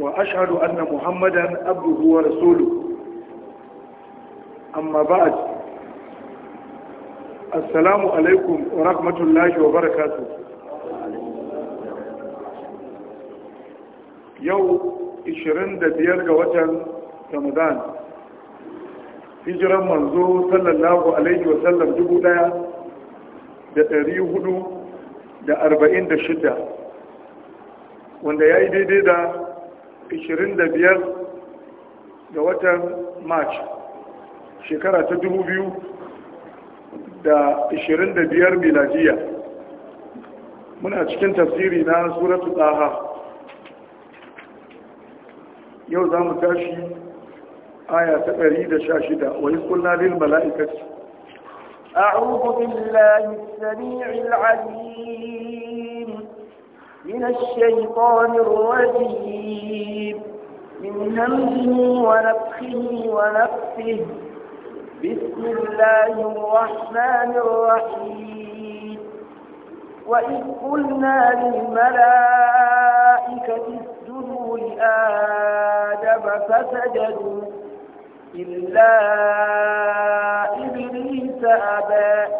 وأشهد أن محمدا عبده ورسوله أما بعد rahmatullahi عليكم ورحمة الله وبركاته يوم 25 ga watan Ramadan hijiran manzo sallallahu alaihi wa sallam dubu daya da ɗari hudu da arba'in da shida wanda ya yi daidai da 25 ga watan march shekara ta 2025 miladiya muna cikin tafsiri na suratu ɗaha yau za mu tashi aya ta 116 wani kula lil mala'ikaci billahi بالله السميع العليم من الشيطان الرجيم من همه ونفخه ونفسه بسم الله الرحمن الرحيم وإذ قلنا للملائكة اسجدوا لآدم فسجدوا إلا إبليس أبى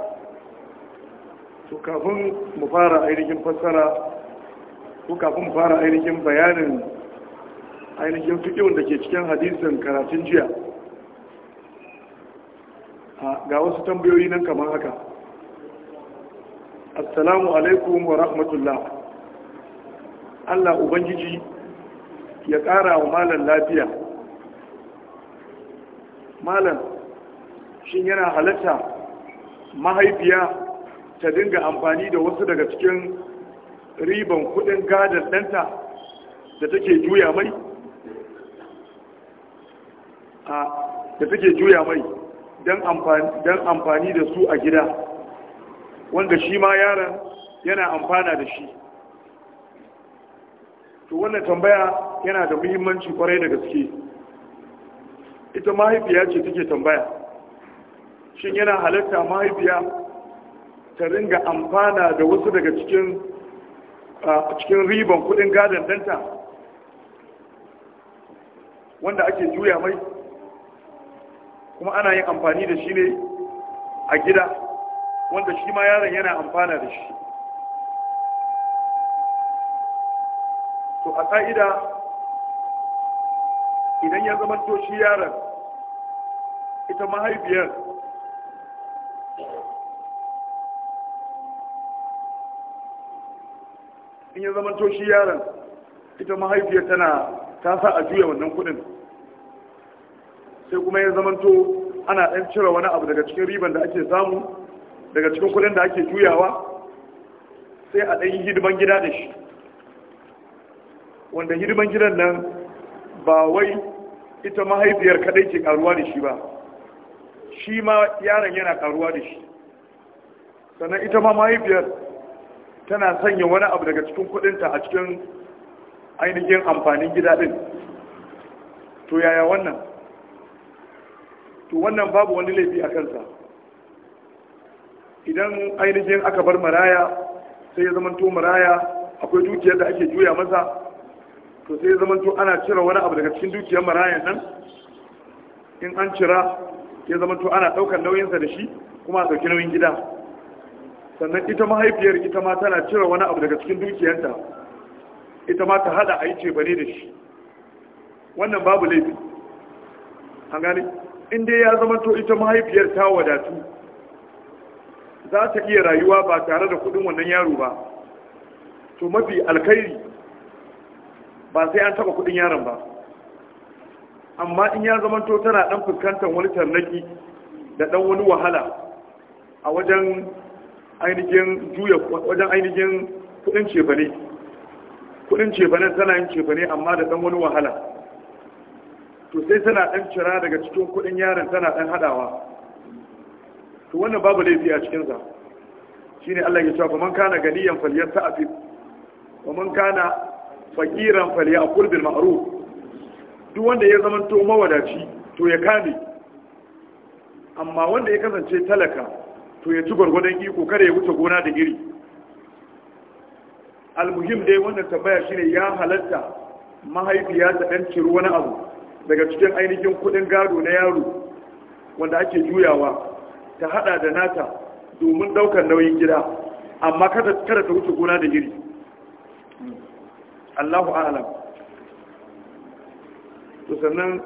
تكافن مفارقة جنب السلام ko kafin mu fara ainihin bayanin ainihin fikin da ke cikin hadisin karatun jiya ga wasu tambayoyi nan kamar haka assalamu alaikum wa rahmatullah Allah Ubangiji ya ƙara wa malan lafiya malan shin yana halatta mahaifiya ta dinga amfani da wasu daga cikin riban kudin gadar ɗanta da take juya mai a da take juya mai don amfani da su a gida wanda shi ma yaran yana amfana da shi to wannan tambaya yana da muhimmanci kwarai da gaske ita mahaifiya ce take tambaya shin yana halatta mahaifiya ta ringa amfana da wasu daga cikin a cikin riban kudin gadon danta wanda ake juya mai kuma ana yin amfani da shi ne a gida wanda shi ma yaron yana amfana da shi to a ƙa'ida idan ya zama to yaron ita mahaifiyar in ya zamanto shi yaron ita mahaifiyar tana ta sa a juya wannan kuɗin sai kuma ya zamanto ana ɗan cire wani abu daga cikin riban da ake samu daga cikin kuɗin da ake juyawa sai a ɗan yi hidiman gida da shi wanda hidiman gidan nan ba wai ita mahaifiyar kaɗai ke karuwa da shi ba shi ma yaron yana karuwa da shi sannan ita ma mahaifiyar tana sanya wani abu daga cikin kudinta a cikin ainihin amfanin gida din to yaya wannan to wannan babu wani laifi a kansa idan ainihin aka bar maraya sai ya zamanto maraya akwai dukiyar da ake juya masa to sai ya zamanto ana cire wani abu daga cikin dukiyar marayan nan in an cira ya zamanto ana ɗaukar nauyinsa da shi kuma a sauki nauyin gida sannan ita mahaifiyar ita ma tana cire wani abu daga cikin dukiyarta ita ma ta hada a yi da shi wannan babu laifi an gane inda ya zama to ita mahaifiyar ta wadatu za ta iya rayuwa ba tare da kudin wannan yaro ba to mafi alkhairi ba sai an taba kudin yaron ba amma in ya zama to tana dan fuskantar wani tarnaki da dan wani wahala a wajen ainihin juya wajen ainihin kudin cefane kudin cefane tana yin cefane amma da dan wani wahala to sai tana dan cira daga cikin kudin yaron tana dan hadawa to wannan babu laifi a cikin sa shine Allah ya cewa man kana galiyan falyasta'fi wa man kana faqiran a bil ma'ruf duk wanda ya zama to mawadaci to ya kame amma wanda ya kasance talaka to ya ci gwargwadon iko kada ya wuce gona da iri almuhim dai wannan tambaya shine ya halatta mahaifiya ta dan ciri wani abu daga cikin ainihin kudin gado na yaro wanda ake juyawa ta hada da nata domin daukar nauyin gida amma kada kada ta wuce gona da iri Allahu a'lam to sannan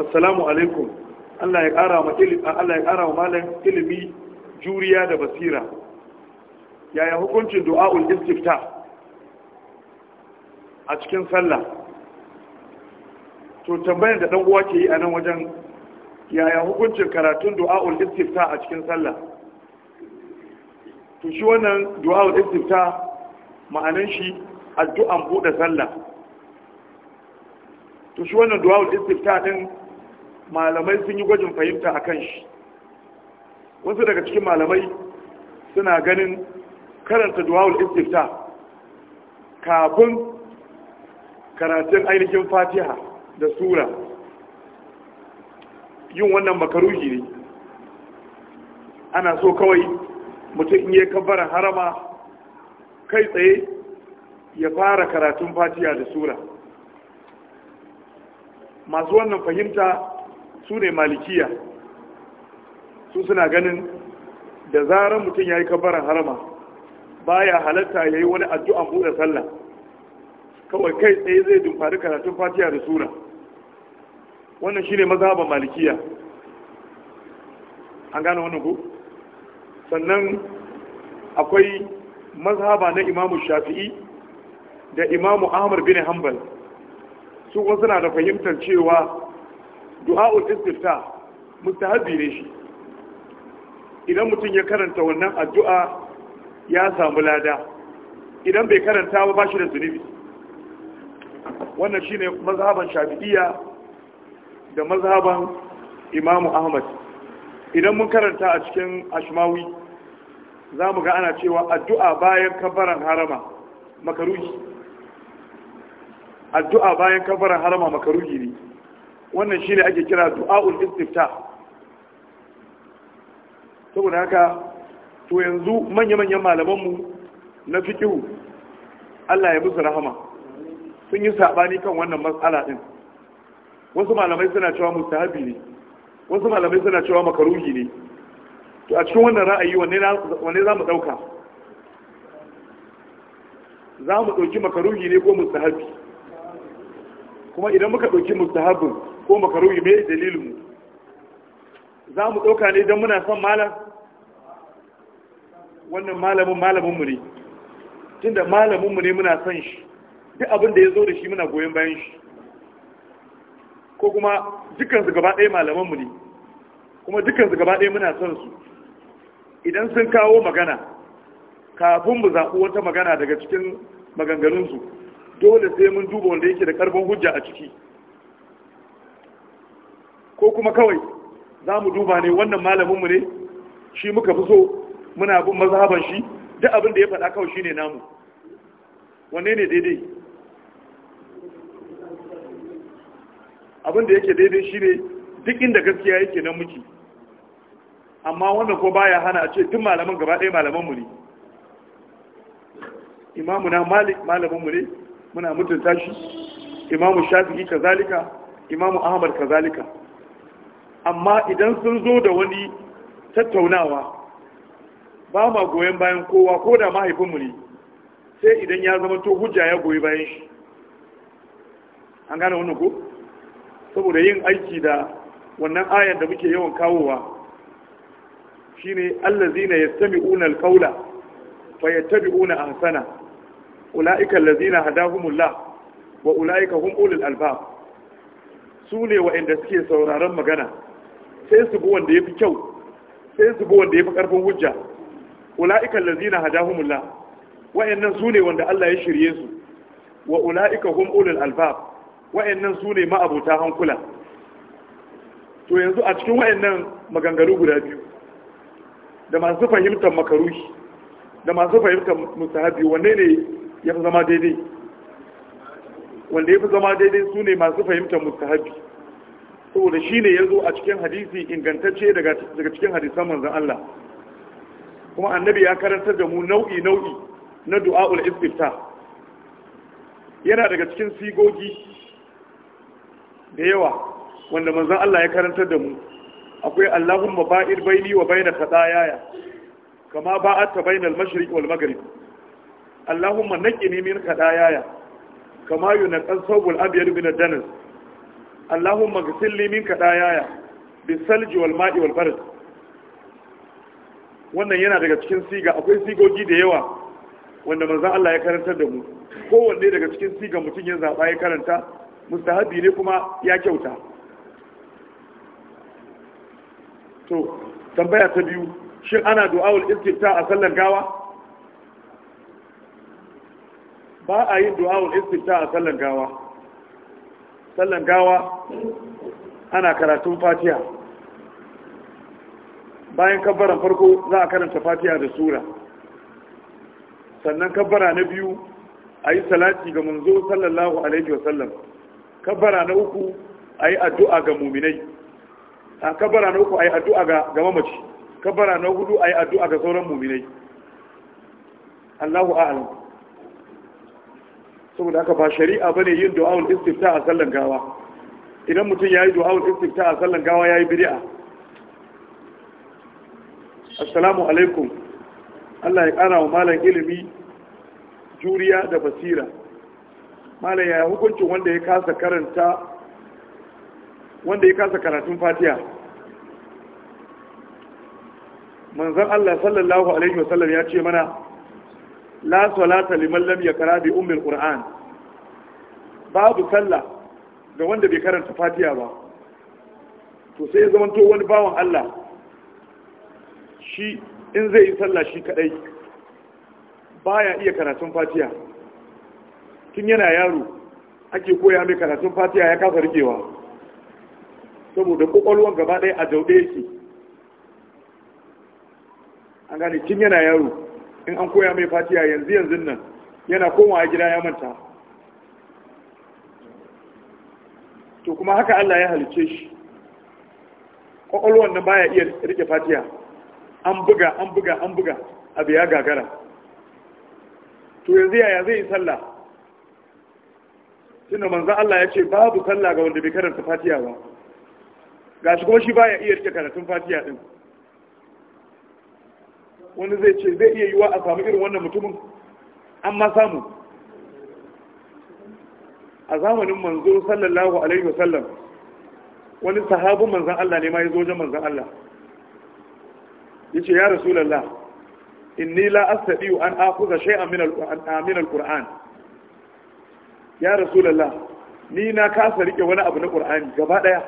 assalamu alaikum Allah ya ƙara wa Allah ya ƙara wa malam ilimi juriya da basira yaya hukuncin du'a'ul istifta a cikin sallah to tambayar da dan uwa ke yi a nan wajen yaya hukuncin karatun du'a'ul istifta a cikin sallah to shi wannan du'a'ul istifta ma'anan shi addu'an buɗe sallah to shi wannan du'a'ul istifta din malamai sun yi gwajin fahimta a kan shi wasu daga cikin malamai suna ganin karanta duwawul istifta kafin karatun ainihin fatiha da sura yin wannan makaruhi ne ana so kawai mutum in yi kabbarin harama kai tsaye ya fara karatun fatiha da sura masu wannan fahimta su ne malikiya su suna ganin da zarar mutum ya yi kabarar harama baya halatta ya yi wani addu'an buɗe sallah kawai kai tsaye zai dumfari karatun fatiya da sura wannan shi ne mazhaban malikiya an gane wannan ku sannan akwai mazhaba na imamu shafi'i da imamu ahmad bin Hambal, su kuma suna da fahimtar cewa du'a'ul istifta mustahabi ne shi idan mutum ya karanta wannan addu'a ya samu lada idan bai karanta ba ba shi da zunubi wannan shine mazhaban shafi'iyya da mazhaban imamu ahmad idan mun karanta a cikin ashmawi za mu ga ana cewa addu'a bayan kabaran harama makaruhi addu'a bayan kabaran harama makaruhi ne wannan shi ne ake kira du'a'ul istifta saboda haka to yanzu manya-manyan malamanmu na fikihu Allah ya musu rahama sun yi sabani kan wannan matsala din wasu malamai suna cewa mustahabi ne wasu malamai suna cewa makaruhi ne to a cikin wannan ra'ayi wanne za mu ɗauka za mu ɗauki makaruhi ne ko mustahabi kuma idan muka ɗauki mustahabin ko makaruhi mai dalilinmu za mu ɗauka ne don muna son malam wannan malamin malaminmu ne tunda malaminmu ne muna son shi duk abin da ya zo da shi muna goyon bayan shi ko kuma dukkan su gaba ɗaya malamanmu ne kuma dukkan su gaba ɗaya muna son su idan sun kawo magana kafin mu zaɓi wata magana daga cikin maganganunsu dole sai mun duba wanda yake da ƙarfin hujja a ciki ko kuma kawai za mu duba ne wannan malaminmu ne shi muka fi so muna bin mazhaban shi duk abin da ya faɗa kawai shine namu wanne ne daidai abin da yake daidai shine duk inda gaskiya yake nan muke amma wannan ko baya hana a ce tun malaman gaba ɗaya malamanmu ne imamu na malik malaminmu ne muna mutunta shi imamu shafi'i kazalika imamu ahmad kazalika amma idan sun zo da wani tattaunawa ba ma goyon bayan kowa ko da mahaifinmu ne sai idan ya zama to hujja ya goyi bayan shi an gane wani ko saboda yin aiki da wannan ayan da muke yawan kawowa Shi shine allazina yastami'una alqawla fayattabi'una ula'ikan ulaika allazina Humula wa ulaika hum ulul albab su ne wa'inda suke sauraron magana sai su bi wanda yafi kyau sai su bi wanda yafi karfin hujja ulaika allazina hadahumullah wayannan sune wanda Allah ya shirye su wa ulaika hum ulul albab wayannan sune ma'abuta hankula to yanzu a cikin wayannan maganganu guda biyu da masu fahimtar makaruhi da masu fahimtar mustahabi wanne ne ya fi zama daidai wanda ya fi zama daidai su ne masu fahimtar mustahabi saboda shi ne ya zo a cikin hadisi ingantacce daga cikin hadisan manzan Allah kuma annabi ya karantar da mu nau'i nau'i na du'a'ul istifta yana daga cikin sigogi da yawa wanda manzan Allah ya karantar da mu akwai Allahumma ba'ir baini wa baina yaya, kama ba'atta baina mashriq wal maghrib Allahumma naqqini min yaya, kama yunqas thawb abyad min ad-danas اللهم اغسل لي منك دايايا بالثلج والماء والبرد wannan yana daga cikin siga akwai sigogi da yawa wanda manzan Allah ya karantar da mu kowanne daga cikin siga mutum ya zaba ya karanta mustahabi ne kuma ya kyauta to tambaya ta biyu shin ana du'awul istifta a sallar gawa ba a yin du'awul istifta a sallar gawa sallan gawa ana karatun fatiya. bayan kabbaran farko za a karanta fatiya da sura sannan kabbara na biyu a yi salati ga manzo sallallahu alaihi wasallam kabbara na uku a yi addu'a ga muminai a kabbara na uku a yi addu'a ga mamaci kabbara na hudu a yi addu'a ga sauran muminai allahu a'alam saboda aka ba shari'a bane yin du'a'ul istifta a sallan gawa idan mutum ya yi du'a'ul istifta a sallan gawa ya yi bid'a assalamu alaikum Allah ya ƙara wa malam ilimi juriya da basira malam ya hukuncin wanda ya kasa karanta wanda ya kasa karatun fatiha manzon Allah sallallahu alaihi wasallam ya ce mana la salata liman lam yaqra bi ummil alquran babu sallah ga wanda bai karanta fatiha ba to sai ya to wani bawan Allah shi in zai yi sallah shi kadai baya iya karatun fatiha tun yana yaro ake koya mai karatun fatiha ya kafa rikewa saboda kokolwan gaba ɗaya a jaude yake an gane tun yana yaro in an koya mai fatiya yanzu yanzu nan yana komawa gida ya manta to kuma haka Allah ya halice shi kwakwalwan da baya iya rike fatiya, an buga an buga an buga abu ya gagara to yanzu yaya zai yi sallah tunda manzan Allah ya ce babu sallah ga wanda bai karanta fatiya ba ga shi kuma shi baya iya rike karatun fatiya din wani zai ce zai iya yiwa a samu irin wannan mutumin an ma samu a zamanin manzo sallallahu alaihi wasallam wani sahabin manzan Allah ne ma ya zo wajen manzan Allah yace ya rasulullah inni la astadiu an akuza shay'an min al-amin al-qur'an ya rasulullah ni na kasa rike wani abu na qur'ani gaba daya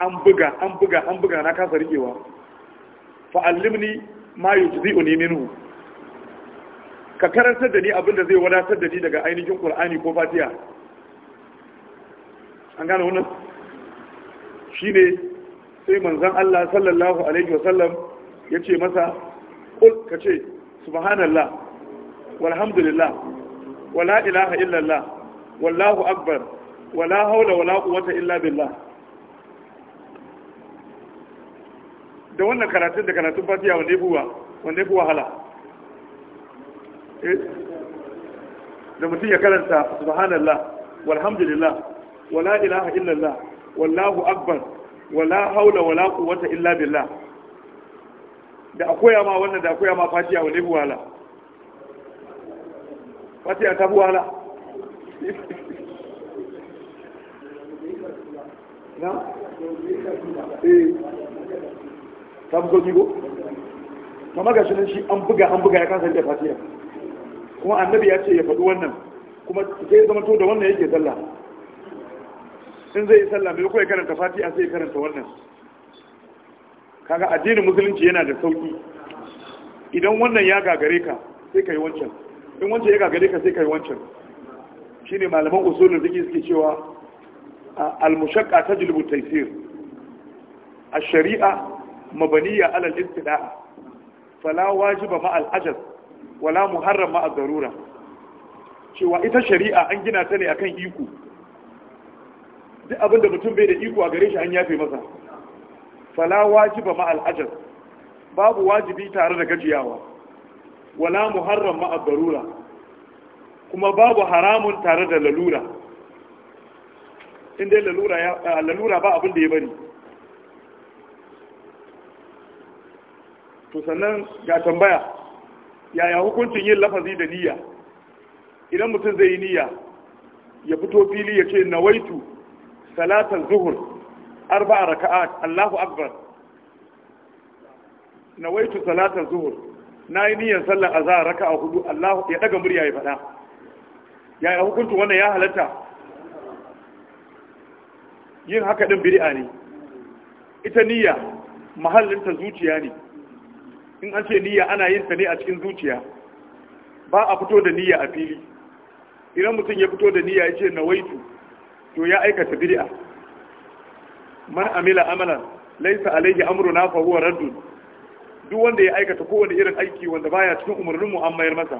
an buga an buga an buga na kasa rikewa fa'allimni ma yujzi'uni minhu ka karantar da ni abin da zai wadatar da ni daga ainihin Kur'ani ko Fatiya. an gane wannan shine sai manzon Allah sallallahu alaihi wasallam yace masa ka kace subhanallah walhamdulillah wala ilaha illallah wallahu akbar wala haula wala quwwata illa billah da wannan karatun da karatun fatiya wanda ya wa wanda yafi wahala eh? da mutum ya karanta subhanallah walhamdulillah wala ilaha illallah wallahu akbar wala haula wala quwwata illa billah da akoya ma wannan da akoya ma fatiya wanda yafi wahala fatiya ta fi wahala na? Eh. ta fi sauki ko kama ga shirin shi an buga an buga ya kasa da fatiya kuma annabi ya ce ya faɗi wannan kuma sai zama to da wannan yake sallah in zai yi sallah mai kawai karanta fatiha sai karanta wannan kaga addinin musulunci yana da sauki idan wannan ya gagare ka sai ka yi wancan in wancan ya gagare ka sai ka yi wancan shine malaman usulun fiqh suke cewa al-mushaqqa tajlibu taysir ash-shari'a mabaniya alal istida'a fala wajiba ma al ajaz wala muharram ma darura cewa ita shari'a an gina ta ne akan iko duk abinda mutum bai da iko a gare shi an yafe masa fala wajiba ma al ajaz babu wajibi tare da gajiyawa wala muharram ma darura kuma babu haramun tare da lalura inda lalura ba abin da ya bari to sannan ga tambaya yaya hukuncin yin lafazi da niyya idan mutum zai yi niyya ya fito fili ya ce nawaitu salatan zuhur arba'a raka'at Allahu akbar nawaitu salatan zuhur nayi niyyar sallar azhar raka'a hudu Allahu ya daga murya ya faɗa? yaya hukuncin wannan ya halatta yin haka din bid'a ne ita niyya mahallin ta zuciya ne in an ce niyya ana yin ta ne a cikin zuciya ba a fito da niyya a fili idan mutum ya fito da niyya ya ce nawaitu to ya aikata bid'a man amila amalan laysa alayhi amruna fa huwa radd duk wanda ya aikata kowane irin aiki wanda baya cikin umarnin mu an mayar masa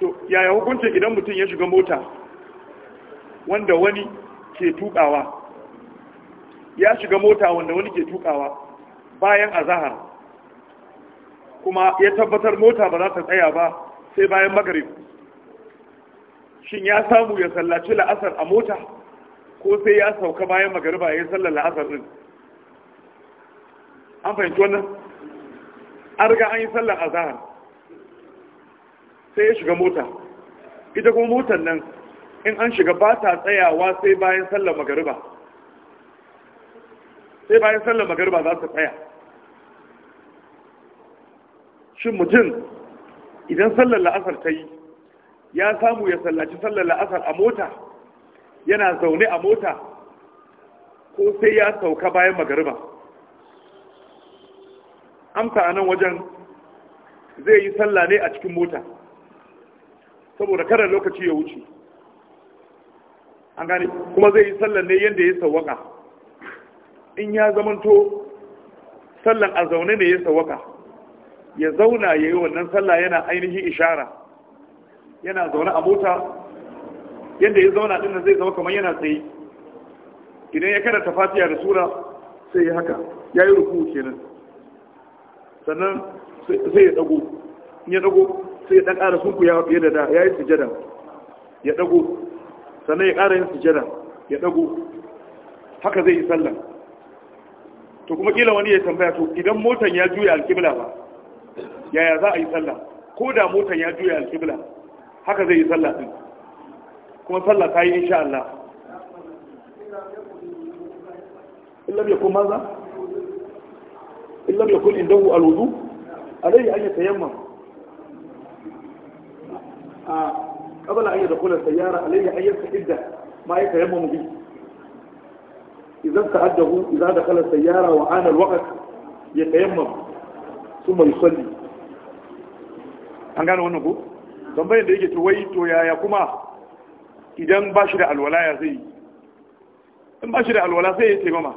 to yaya hukunci idan mutum ya shiga mota wanda wani ke tukawa ya shiga mota wanda wani ke tukawa bayan azahar kuma ya tabbatar mota ba za ta tsaya ba sai bayan magarib shin ya samu ya sallaci la'asar a mota ko sai ya sauka bayan magariba ya yi sallar la'asar din an fahimci wannan an riga an yi sallar azahar sai ya shiga mota ita kuma motar nan in an shiga ba ta tsayawa sai bayan sallar magariba sai bayan sallar magariba za su tsaya shin mutum idan sallar la'asar ta yi ya samu ya sallaci sallar la'asar a mota yana zaune a mota ko sai ya sauka bayan magariba amsa a nan wajen zai yi salla ne a cikin mota saboda kada lokaci ya wuce an gani kuma zai yi sallar ne yadda ya sauwaka in ya zamanto sallan a zaune ne ya sawaka ya zauna ya yi wannan sallah yana ainihin ishara yana zaune a mota yadda ya zauna ɗin zai zama kamar yana tsaye idan ya karanta fatiya da sura sai ya haka ya yi ruku kenan sannan sai ya dago in ya dago sai ya ɗan ƙara sunku ya fiye da da ya yi sujada ya dago sannan ya ƙara yin sujada ya dago haka zai yi sallah to kuma kila wani ya tambaya to idan motan ya juya alkibla ba yaya za a yi sallah ko da motan ya juya alƙibla haka zai yi sallah din kuma sallah ta yi insha Allah illam yakun maza illam yakun indahu alwudu alayhi an yatayammam a qabla an yadkhula as-sayyara alayhi an yasta'idda ma yatayammam bihi إذا استعده إذا دخل السيارة وعان الوقت يتيمم kuma yusalli an gane wannan ko tambayar da yake to wai to yaya kuma idan ba shi da alwala ya zai in ba shi da alwala sai ya taimama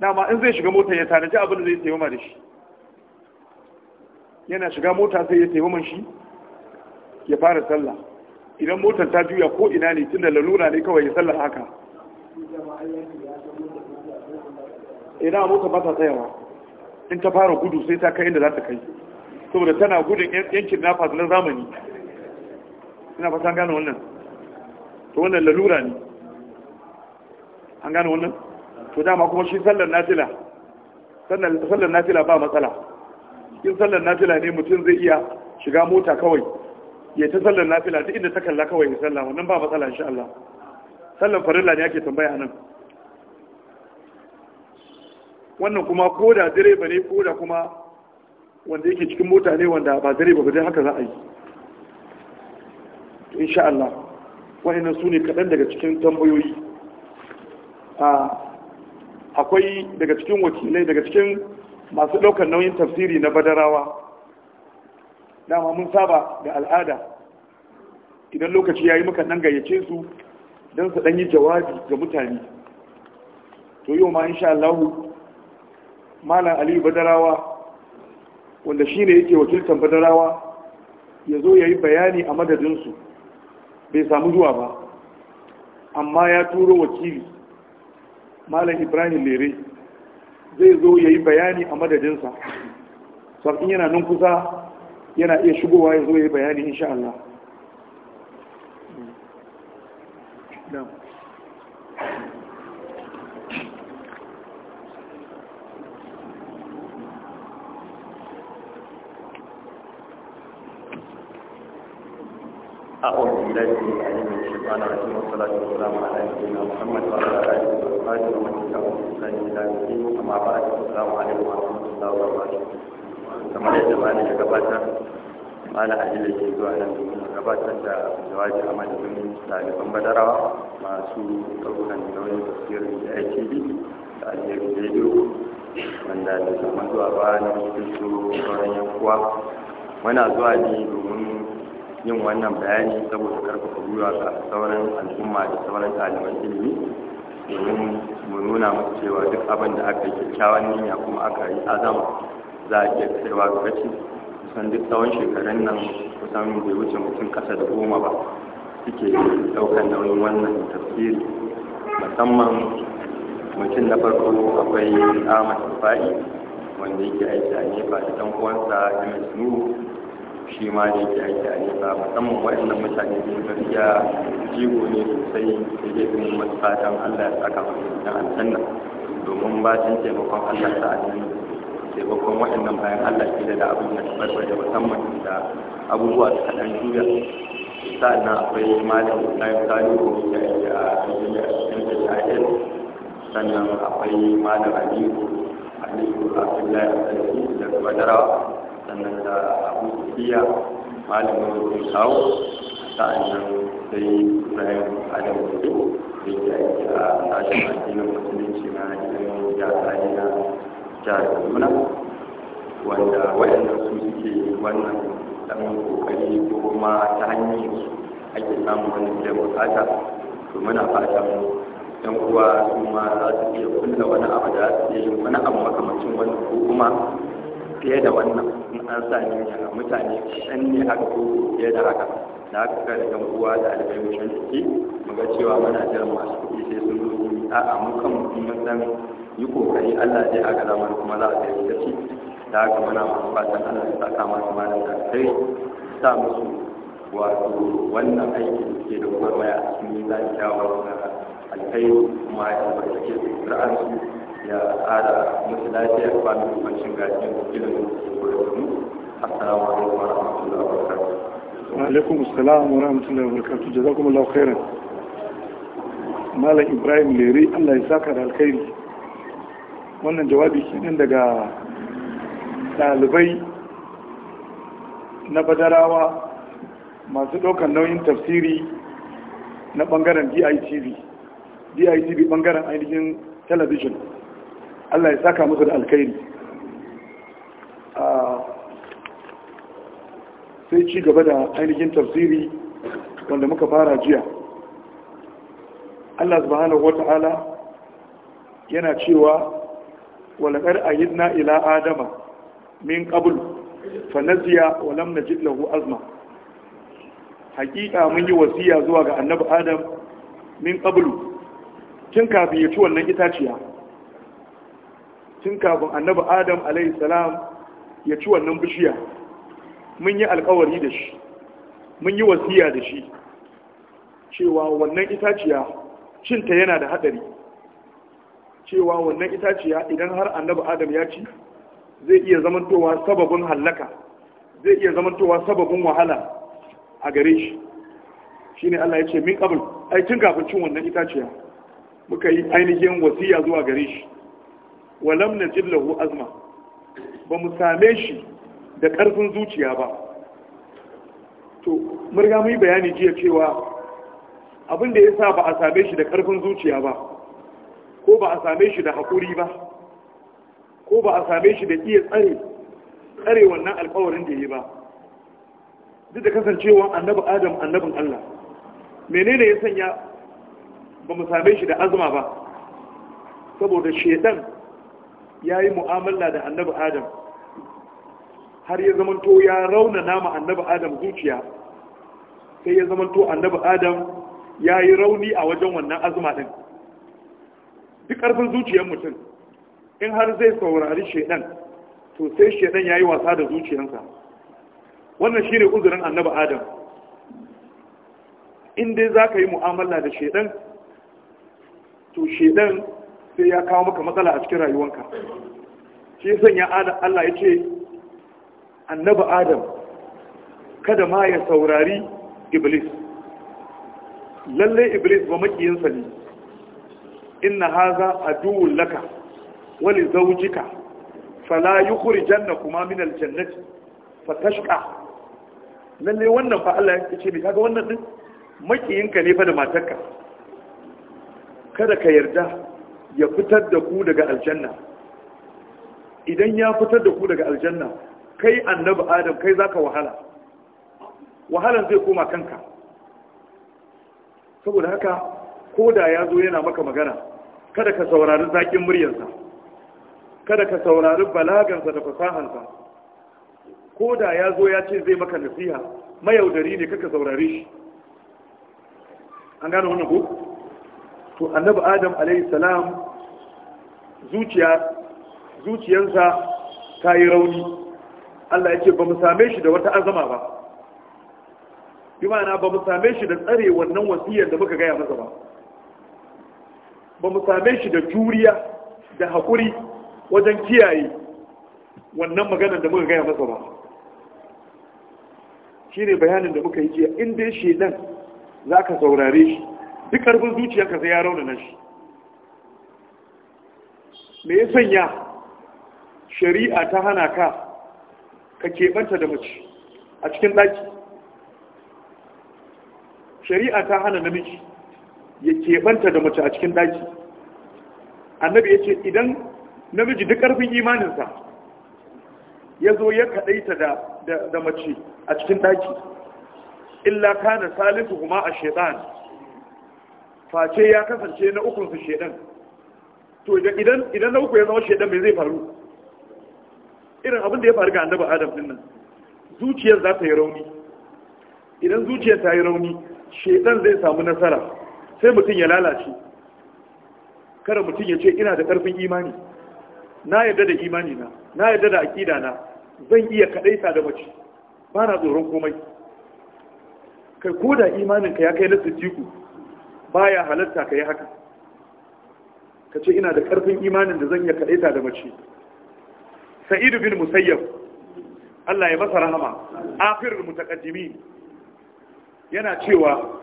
dama in zai shiga mota ya tanaji abin da zai taimama da shi yana shiga mota sai ya taimaman shi ya fara sallah idan motar ta juya ko ina ne tun da lalura ne kawai ya sallah haka ina mota ba ta tsayawa in ta fara gudu sai ta kai inda za ta kai saboda tana gudun yankin na na zamani ina fasa gane wannan to wannan lalura ne an gane wannan to dama kuma shi sallar nafila sallar nafila ba matsala in sallar nafila ne mutum zai iya shiga mota kawai ya ta sallar nafila ta inda ta kalla kawai ya sallar wannan ba matsala sha Allah sallar farilla ne ake tambaya nan wannan kuma ko da direba ne ko da kuma wanda yake cikin mota ne wanda ba direba ba dai haka za a yi insha Allah wa'annan su ne kaɗan daga cikin tambayoyi akwai daga cikin wakilai daga cikin masu ɗaukar nauyin tafsiri na badarawa dama mun saba da al'ada idan lokaci ya yi muka nan gayyace su don su ɗanyi jawabi ga mutane to yau ma insha Allah malam aliyu badarawa wanda shi ne yake wakiltar badarawa ya zo ya yi bayani a madadinsu bai samu zuwa ba amma ya turo wakili malam ibrahim lere zai zo ya yi bayani a madadinsa sarkin yana nan kusa yana iya shigowa ya zo ya yi bayani insha'Allah. أعوذ بالله من الشيطان الرجيم والصلاة والسلام على نبينا محمد وعلى آله وصحبه ومن تبعهم بإحسان إلى يوم الدين أما بعد السلام عليكم ورحمة الله وبركاته kamar yadda malam ya gabatar malam ajiyar ke zuwa nan domin gabatar da jawabi a madadin ɗaliban badarawa masu ɗaukan nauyin tafsirin da ake yi da ajiyar rediyo wanda da zaman zuwa ba na cikin su yankuwa muna zuwa biyu domin yin wannan bayani saboda karfafa gwiwa ga sauran al'umma da sauran ɗaliban ilimi domin mu nuna musu cewa duk abin da aka yi kyakkyawan niyya kuma aka yi azam za a iya kaiwa ga gaci kusan duk tsawon shekarun nan kusan bai wuce mutum kasa da goma ba suke ɗaukar nauyin wannan tafsiri musamman mutum na farko akwai ahmad fa'i wanda yake aiki a nefa da ɗan uwansa ms nuhu shi ma da yake aiki a nesa musamman waɗannan mutane biyu gaskiya jigo ne sosai da zai kuma masu fatan allah ya saka masu da aljanna domin bacin taimakon allah ta addini taimakon waɗannan bayan allah ke da abin da tabbatar da musamman da abubuwa da kaɗan juya sa'annan akwai malam ibrahim salihu da yi a jami'ar sannan akwai malam aliyu aliyu abdullahi da kuma darawa sannan da abu iya malamin rukun kawo sa'annan sai ibrahim adam da ke yi a sashen addinin musulunci na gidan jasa ne na jihar kaduna wanda waɗanda su suke wannan dan kokari ko kuma ta hanyar ake samun wani da bukata to muna fatan yan uwa su ma za su iya kulla wani abu da su iya yin wani abu makamacin wani ko kuma fiye da wannan in an sami yana mutane ɗan ne aka ko fiye da haka da haka kada yan uwa da albai wucin ciki mu ga cewa muna jira masu kuɗi sai sun zo yi a'a mu kan mun san yi kokari Allah zai aga zama kuma za a kai da shi da haka muna masu fatan Allah ya saka masu malam da kai sa musu wato wannan aiki da da kuma maya a cikin zaki yawon alkai kuma ya ke da su ya ƙara masu lafiya ba mu kwancin gajin ilimin kurkuru assalamu alaikum wa rahmatullahi wa barakatuh wa alaikum assalam wa rahmatullahi wa barakatuh jazakumullahu khairan malam ibrahim lere allah ya saka da alkhairi wannan jawabi kenan daga ɗalibai na badarawa masu ɗaukar nauyin tafsiri na ɓangaren ditv ditv ɓangaren ainihin talabijin Allah ya saka musu da alkhairi ah, sai ci gaba da ainihin tafsiri wanda muka fara jiya Allah subhanahu wata'ala yana cewa walaqad ayyidna ila adama min qabl fa naziya wa lam najid lahu azma hakika mun yi wasiya zuwa ga annabi adam min qablu tun kafin ya ci wannan itaciya tun kafin annabi adam alaihi salam ya ci wannan bishiya mun yi alkawari da shi mun yi wasiya da shi cewa wannan itaciya cinta yana da hadari cewa wannan itaciya idan har annabi adam ya ci zai iya zamantowa sababin hallaka zai iya zamantowa sababin wahala a gare shi ne Allah ya ce min qabl ai tun kafin cin wannan itaciya muka yi ainihin wasiya zuwa gare shi walam najid lahu azma ba mu same shi da ƙarfin zuciya ba to murga riga bayani jiya cewa abin da ya sa ba a same shi da ƙarfin zuciya ba ko ba a same shi da haƙuri ba ko ba a same shi da iya tsare tsare wannan alƙawarin da ya yi ba duk da kasancewa annabi adam annabin allah menene ya sanya ba mu same shi da azuma ba saboda shedan ya yi mu'amala da annabi adam har ya zamanto ya rauna nama annabi adam zuciya sai ya zamanto annabi adam ya yi rauni a wajen wannan azuma din. duk ƙarfin zuciyar mutum in har zai saurari shaidan to sai shaidan ya yi wasa da zuciyarsa wannan shi ne uzurin annabi adam in dai za ka yi mu'amala da shaidan to shaidan sai ya kawo maka matsala a cikin rayuwanka shi yasan ya Allah ya ce annaba adam kada ma ya saurari iblis lalle iblis ba makiyinsa ne inna haza aduwwul laka wa li zawjika fala yukhrijannakuma min aljannati fatashqa lalle wannan fa Allah ya ce mai kaga wannan din makiyinka ne fa da matarka kada ka yarda ya fitar da ku daga aljanna idan ya fitar da ku daga aljanna kai annabi adam kai zaka wahala wahalan zai koma kanka saboda haka ko da ya zo yana maka magana kada ka saurari zaƙin muryarsa kada ka saurari balagansa da fasahansa ko da ya zo ya ce zai maka nasiha mayaudari ne kaka saurare shi an gano wannan ko to annabi adam alayhi salam zuciya zuciyarsa ta yi rauni Allah ya ce ba mu same shi da wata azama ba Imana ma'ana ba mu same shi da tsare wannan wasiyar da muka gaya masa ba ba mu same shi da juriya da haƙuri wajen kiyaye wannan maganar da muka gaya masa ba shi ne bayanin da muka yi jiya in dai shi nan za ka saurare shi duk ƙarfin zuciyarka sai ya raunana shi me ya sanya shari'a ta hana ka ka keɓanta da mace a cikin ɗaki shari'a ta hana namiji ya keɓanta da mace a cikin ɗaki annabi ya ce idan namiji duk ƙarfin imaninsa ya zo ya kaɗaita da mace a cikin ɗaki illa kana salisu kuma a shaitan face ya kasance na ukunsu shaiɗan to idan idan na uku ya zama shaidan mai zai faru irin abin da ya faru ga annabi adam din nan zuciyar za ta yi rauni idan zuciyar ta yi rauni shaidan zai samu nasara sai mutum ya lalace kada mutum ya ce ina da karfin imani na yarda da imani na na yarda da akida na zan iya kadaita da mace ba na tsoron komai kai ko da imaninka ya kai na sitiku baya halatta ka yi haka ka ce ina da ƙarfin imanin da zan iya kaɗaita da mace sa'idu bin musayyab Allah ya masa rahama afirul mutaqaddimi yana cewa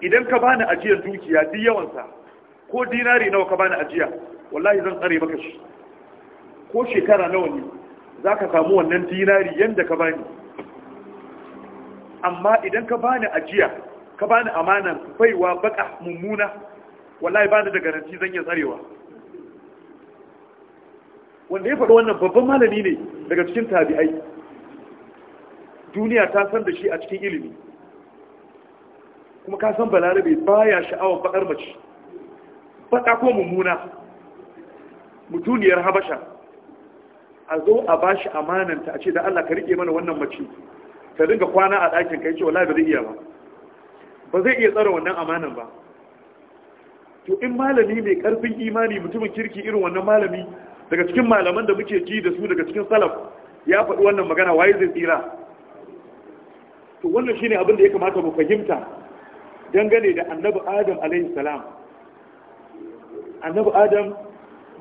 idan ka bani ajiyar dukiya duk yawansa ko dinari nawa ka bani ajiya wallahi zan tsare maka shi ko shekara nawa ne zaka samu wannan dinari yanda ka bani amma idan ka bani ajiya ka bani amanan baiwa baka mummuna wallahi ba da garanti zan iya tsarewa wanda ya faɗi wannan babban malami ne daga cikin tabi'ai duniya ta san da shi a cikin ilimi kuma ka san balarabe ba ya sha'awar baɗar mace baka ko mummuna mutuniyar habasha a zo a ba shi amananta a ce da Allah ka rike mana wannan mace ta dinga kwana a ɗakin kai ce wallahi ba zai iya ba ba zai iya tsara wannan amanan ba to in malami mai karfin imani mutumin kirki irin wannan malami daga cikin malaman da muke ji da su daga cikin salaf ya faɗi wannan magana waye zai tsira to wannan shine abin da ya kamata mu fahimta dangane da annabi adam alaihi salam annabi adam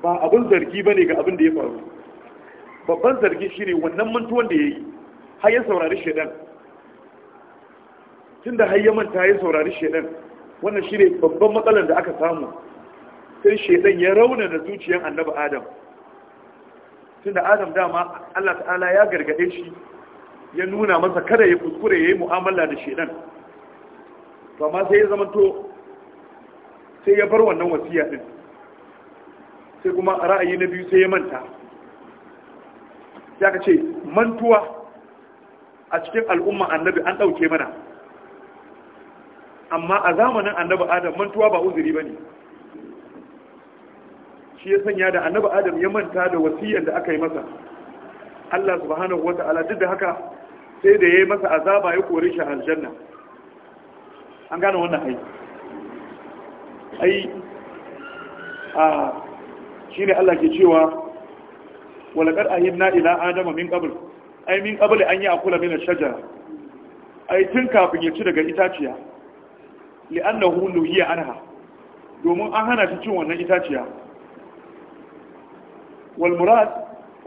ba abin zargi bane ga abin da ya faru babban zargi shine wannan mantuwan da yayi har ya saurari shedan tunda har ya manta ya saurari shedan wannan shi ne babban matsalar da aka samu sai shaidan ya rauna raunana zuciyar annabi adam tunda adam dama allah ta'ala ya gargade shi ya nuna masa kada ya kuskure ya yi mu'amala da shaidan to amma sai ya zamanto sai ya bar wannan wasiya din sai kuma ra'ayi na biyu sai ya manta ya aka ce mantuwa a cikin al'umma annabi an ɗauke mana amma a zamanin annabi adam mantuwa ba uzuri ba ne shi ya sanya da annabi adam ya manta da wasiyyar da aka yi masa Allah subhanahu wa ta'ala duk da haka sai da ya yi masa azaba ya kore shi aljanna an gane wannan ai ai a shi ne Allah ke cewa walakar ayin na ila adama min qabl ai min qabl an yi akula min ash-shajara ai tun kafin ya ci daga itaciya li'annahu nuhiya anha domin an hana shi cin wannan itaciya wal murad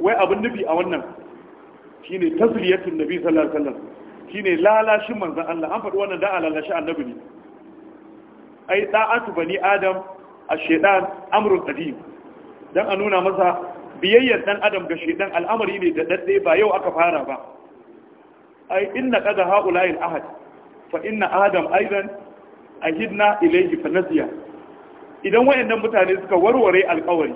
wai abin nufi a wannan shine tasliyatun nabi sallallahu alaihi wasallam shine lalashin manzon Allah an faɗi wannan da alalashi annabi ne ai da'atu bani adam ash-shaytan amrun qadim dan a nuna masa biyayyar dan adam ga shaytan al'amari ne da dadde ba yau aka fara ba ai inna qad ha'ula'il ahad fa inna adam aidan ahidna ilayhi fanasiya idan wayannan mutane suka warware alƙawari,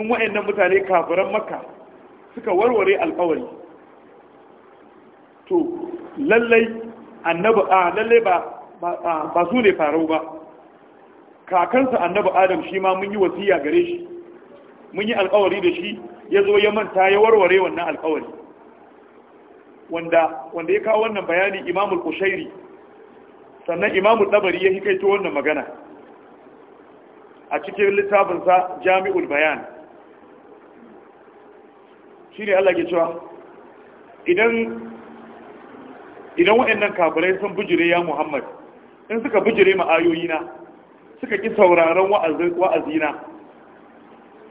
in wayannan mutane kafiran makka suka warware alƙawari, to lallai annabi a lallai ba ba su ne farau ba kakansa annabi adam shi ma mun yi wasiya gare shi mun yi alƙawari da shi ya zo ya manta ya warware wannan alƙawari. wanda wanda ya kawo wannan bayani imamul kushairi sannan imamu ɗabari ya hikaito wannan magana a cikin littafinsa jami'ul bayan shi ne Allah ke cewa idan idan waɗannan kafirai sun bujire ya muhammad in suka bujire ma'ayoyina suka ƙi sauraron wa'azina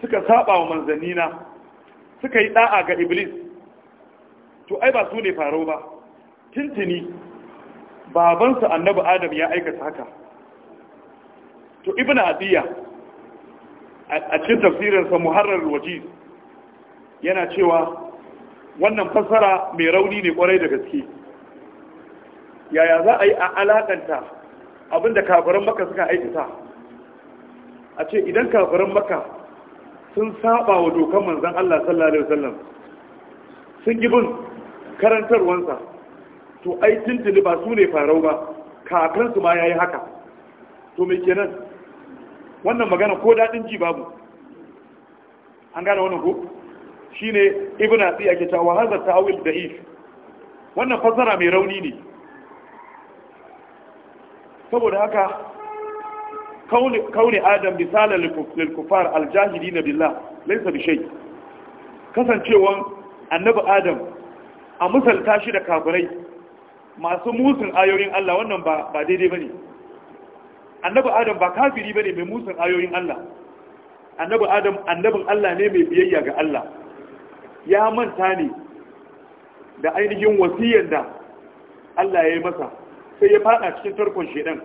suka saba wa manzannina suka yi ɗa'a ga iblis to ai ba su ne faro ba tintini babansa annabi adam ya aikata haka to ibn adiya a cikin tafsirinsa muharrar waji yana cewa wannan fassara mai rauni ne kwarai da gaske yaya za a yi a alakanta abinda kafiran maka suka aikata a ce idan kafiran maka sun saba wa dokar manzan Allah sallallahu alaihi wasallam sun gibin karantarwansa to ai tuntuni ba su ne farau ba kakansu ma ya yi haka to mai kenan wannan magana ko daɗin ji babu an gane wannan ko shi ne na tsaye ake cewa ta awil da if wannan fassara mai rauni ne saboda haka kaune adam misalan lilkufar aljahili na billah laisa bishai kasancewan annabi adam a misalta shi da kafirai masu musun ayoyin Allah wannan ba daidai ba ne annabi adam ba kafiri ba ne mai musun ayoyin Allah annabi adam annabin Allah ne mai biyayya ga Allah ya manta ne da ainihin wasiyar da Allah ya yi masa sai ya fada cikin tarkon shedan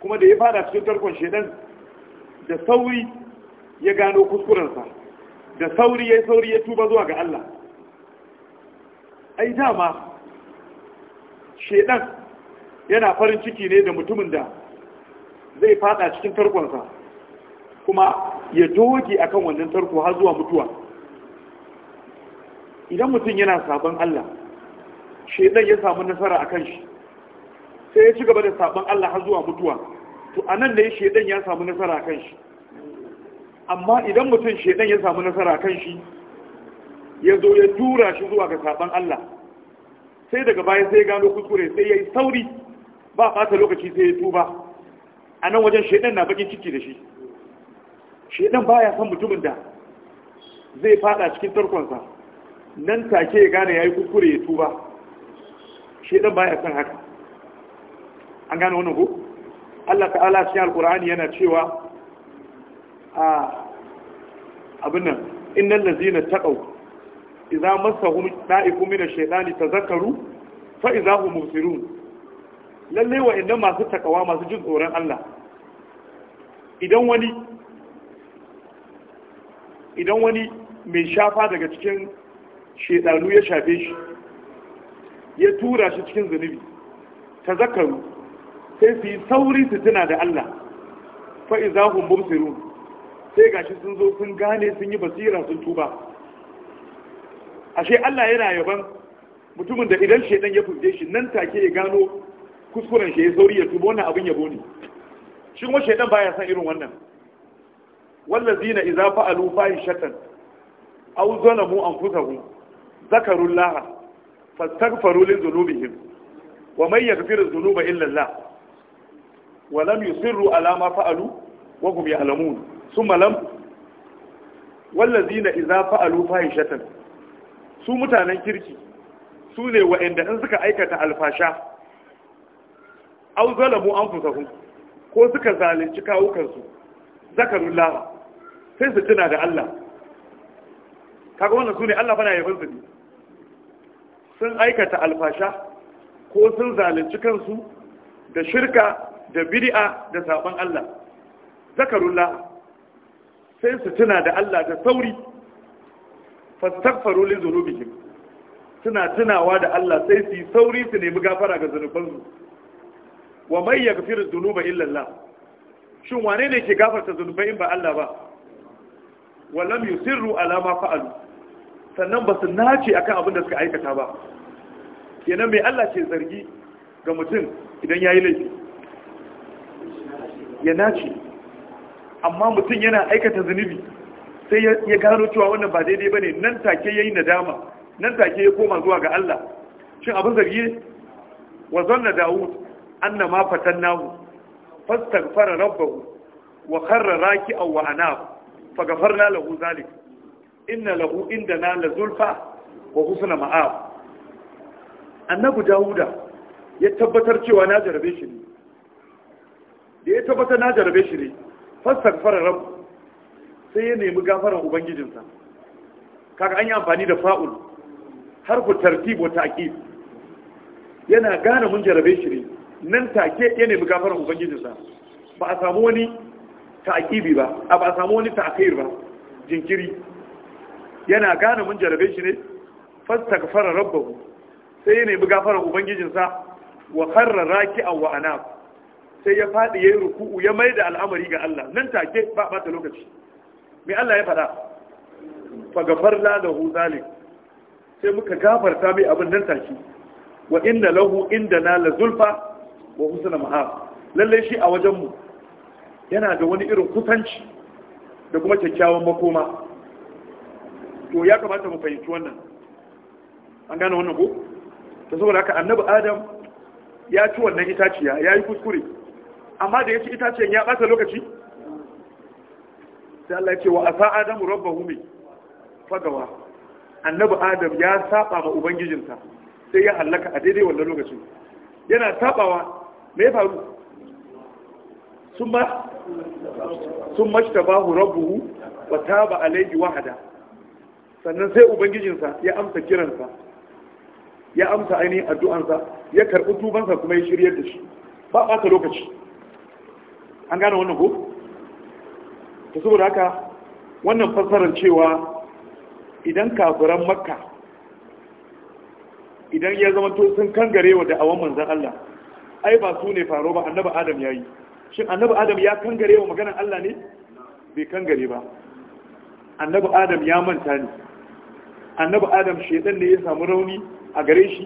kuma da ya fada cikin tarkon shedan da sauri ya gano kuskurensa da sauri ya yi sauri ya tuba zuwa ga Allah ai dama shedan yana farin ciki ne da mutumin da zai fada cikin tarkonsa kuma ya doge akan wannan tarko har zuwa mutuwa idan mutum yana sabon Allah shedan ya samu nasara akan shi sai ya ci gaba da sabon Allah har zuwa mutuwa to anan ne shedan ya samu nasara akan shi amma idan mutum shedan ya samu nasara akan shi ya zo ya tura shi zuwa ga sabon Allah sai daga baya sai ya gano kuskure sai ya yi sauri ba fata lokaci sai ya tuba a nan wajen shaidan na bakin ciki da shi shaidan ya son mutumin da zai fada cikin tarkonsa nan take ya gane ya yi kuskure ya tuba shaidan ya son haka an gane wani ku Allah ta'ala al alkur'ani yana cewa a abin nan innal ladzina taqaw idza massahum da'ifun min ash-shaytani tazakkaru fa idza hum mubsirun lalle wa inda masu takawa masu jin tsoron Allah idan wani idan wani mai shafa daga cikin shedanu ya shafe shi ya tura shi cikin zunubi tazakkaru sai su yi sauri su tuna da Allah fa idza hum mubsirun sai gashi sun zo sun gane sun yi basira sun tuba ashe Allah yana yaban mutumin da idan shedan ya fuje shi nan take ya gano kuskuren shi ya sauri ya tuba wannan abin yabo ne shi kuma shedan baya san irin wannan wallazina idza fa'alu fahishatan aw zalamu anfusahum zakarullaha fastaghfiru lidhunubihim wa man yaghfiru dhunuba illa Allah wa lam yusirru ala ma fa'alu wa hum ya'lamun thumma lam wallazina idza fa'alu fahishatan su mutanen kirki su ne inda in suka aikata alfasha an fusa hun ko suka zalunci kawukansu zakarullah sai su tuna da Allah kaga wannan su ne Allah bana yaban su ne sun aikata alfasha ko sun zalunci kansu da shirka da bid'a da saban Allah zakarullah sai su tuna da Allah da sauri fastaghfaru li bikin. suna tunawa da Allah sai su yi sauri su nemi gafara ga zunubansu wa may yaghfiru dhunuba illa Allah shin wane ne ke gafarta zunubai in ba Allah ba wa lam yusirru ala ma fa'alu sannan ba su nace akan abin da suka aikata ba kenan mai Allah ke zargi ga mutum idan yayi laifi ya nace amma mutum yana aikata zunubi sai ya gano cewa wannan ba daidai bane nan take yayi nadama nan take ya koma zuwa ga Allah shin abin zargi wa zanna daud anna ma fatannahu fastaghfara rabbahu wa kharra raki'an wa anab faghfarna lahu zalik inna lahu indana la zulfa wa husna ma'ab annabi dauda ya tabbatar cewa na jarabe shi ne da ya tabbata na jarabe shi ne fastaghfara rabbahu sai ya nemi gafaran ubangijinsa kaga an yi amfani da fa'ul har ku tarti wa ta'kid yana gane mun jarabe shi ne nan take ya nemi gafaran ubangijinsa ba a samu wani ta'kibi ba a ba a samu wani ta'khir ba jinkiri yana gane mun jarabe shi ne fastaghfara rabbahu sai ya nemi gafaran ubangijinsa wa kharra raki'an wa anab sai ya fadi yayin ruku'u ya maida al'amari ga Allah nan take ba ba ta lokaci mai Allah ya faɗa fagafar lalahu zalim sai muka gafarta mai abin nan take wa inda lahu inda na la zulfa wa husna maha lalle shi a wajen mu yana da wani irin kusanci da kuma kyakkyawan makoma to ya kamata mu fahimci wannan an gane wannan ko to saboda haka annabi adam ya ci wannan itaciya ya yi kuskure amma da ya ci itaciyan ya ɓata lokaci sai Allah ya ce wa asa adamu rabbahu mai fagawa annabi adam ya saba ma ubangijinsa sai ya halaka a daidai wannan lokacin yana sabawa me ya faru summa summa shtabahu rabbuhu wa taba alayhi wahada sannan sai ubangijinsa ya amsa kiransa ya amsa ainihin addu'ansa ya karɓi tubansa kuma ya shiryar da shi ba ta lokaci an gane wannan ko to saboda haka wannan fassarar cewa idan kafiran makka idan ya zama to sun kangare wa da'awan manzan Allah ai ba su ne faro ba annabi adam ya yi shin annabi adam ya kangare wa maganar Allah ne bai kangare ba annabi adam ya manta ne annabi adam shedan ne ya samu rauni a gare shi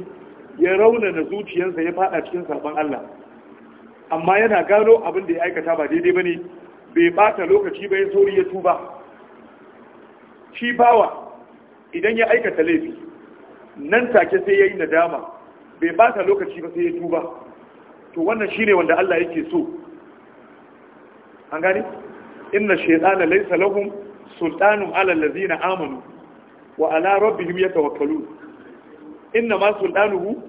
ya rauna na zuciyarsa ya fada cikin sabon Allah amma yana gano abin da ya aikata ba daidai bane bai bata lokaci ba ya sauri ya tuba shi bawa idan ya aikata laifi nan take sai ya yi nadama bai bata lokaci ba sai ya tuba to wannan shi ne wanda Allah yake so an gane inna shaytana laysa lahum sultanun ala allazina amanu wa ala rabbihim yatawakkalun inna ma sultanuhu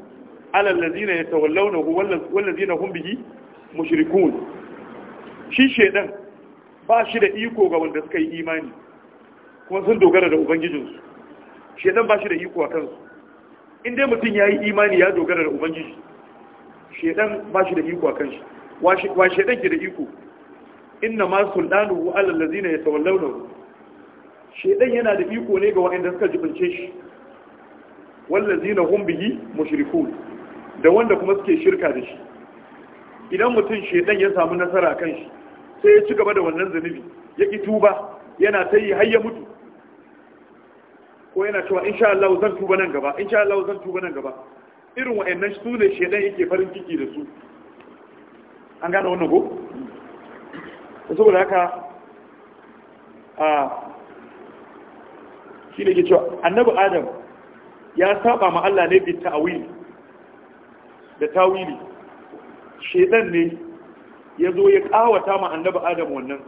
ala allazina yatawallawnahu wallazina hum bihi mushrikun shi shaytan ba shi da iko ga wanda suka yi imani kuma sun dogara da ubangijinsu shi ba shi da iko a kansu inda mutum ya yi imani ya dogara da ubangiji shedan ba shi da iko a kanshi wa dan ke da iko inna ma wa alal ladina shi dan yana da iko ne ga wanda suka jibince shi ladina hum bihi mushrikun da wanda kuma suke shirka da shi idan mutum shedan ya samu nasara kan shi sai ya ci gaba da wannan zanibi. ya ki tuba yana ta yi har ya mutu ko yana cewa insha Allah zan tuba nan gaba insha Allah zan tuba nan gaba irin wa'annan su ne shedan yake farin ciki da su an gane wannan ko saboda haka a shi ne ke cewa annabi adam ya saba ma Allah ne bi ta'awili da tawili shedan ne ya zo ya kawata ma annabi adam wannan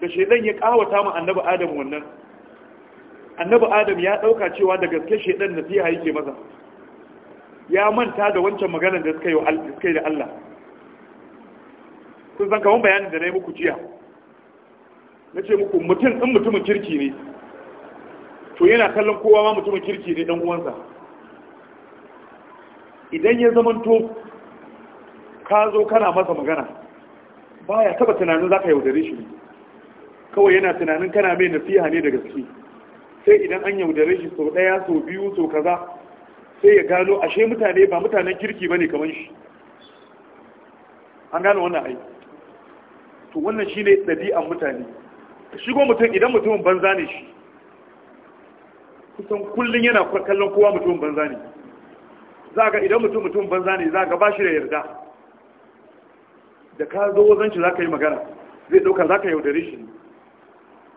da shaidan ya kawata ma annabi adam wannan annabi adam ya dauka cewa da gaske shaidan nasiha yake masa ya manta da wancan maganar da suka yi da Allah kun san kawon bayanin da na yi muku jiya na ce muku mutum in mutumin kirki ne to yana kallon kowa ma mutumin kirki ne dan uwansa idan ya zamanto ka zo kana masa magana Ba ya taba tunanin za ka yaudare shi kawai yana tunanin kana mai nasiha ne da gaske sai idan an yaudare shi sau ɗaya sau biyu sau kaza sai ya gano ashe mutane ba mutanen kirki ba ne kamar shi an gano wannan ai to wannan shi ne ɗabi'an mutane shigo mutum idan mutumin banza ne shi kusan kullum yana kallon kowa mutumin banza ne za ga idan mutum mutum banza ne za ga ba shi da yarda da ka zo wajen shi za ka yi magana zai ɗauka za ka yaudare shi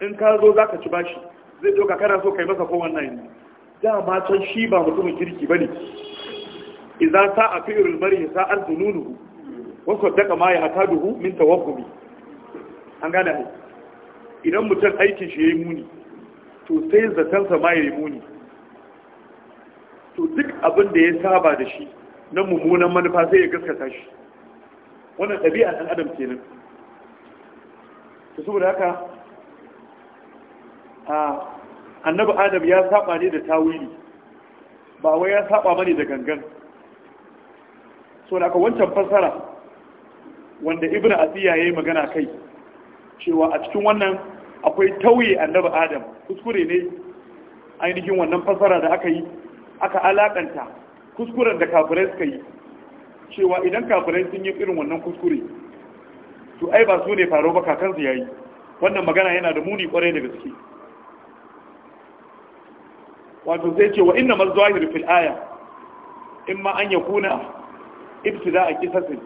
in ka zo za ka ci bashi zai ɗauka kana so ka yi masa ko wannan ne dama can shi ba mutumin kirki ba ne idan ta a fi mari sa an tununu wasu daga ma ya hata min tawakumi an gane ne idan mutum aikin shi ya yi muni to sai sa ma ya yi muni to duk abin da ya saba da shi nan mummunan manufa sai ya gaskata shi wannan ɗabi'ar ɗan adam kenan su saboda haka a annabi adam ya saba ne da tawili ba wai ya saba bane da gangan so da aka wancan fassara wanda ibnu asiya yi magana kai cewa a cikin wannan akwai tauye annabi adam kuskure ne ainihin wannan fassara da aka yi aka alakanta kuskuren da kafirai suka yi cewa idan kafirai sun yi irin wannan kuskure to ai ba su ne faro ba su yayi wannan magana yana da muni kwarai da gaske wato zai ce wa inna mazahir fil aya in ma an yakuna ibtida'a qisasin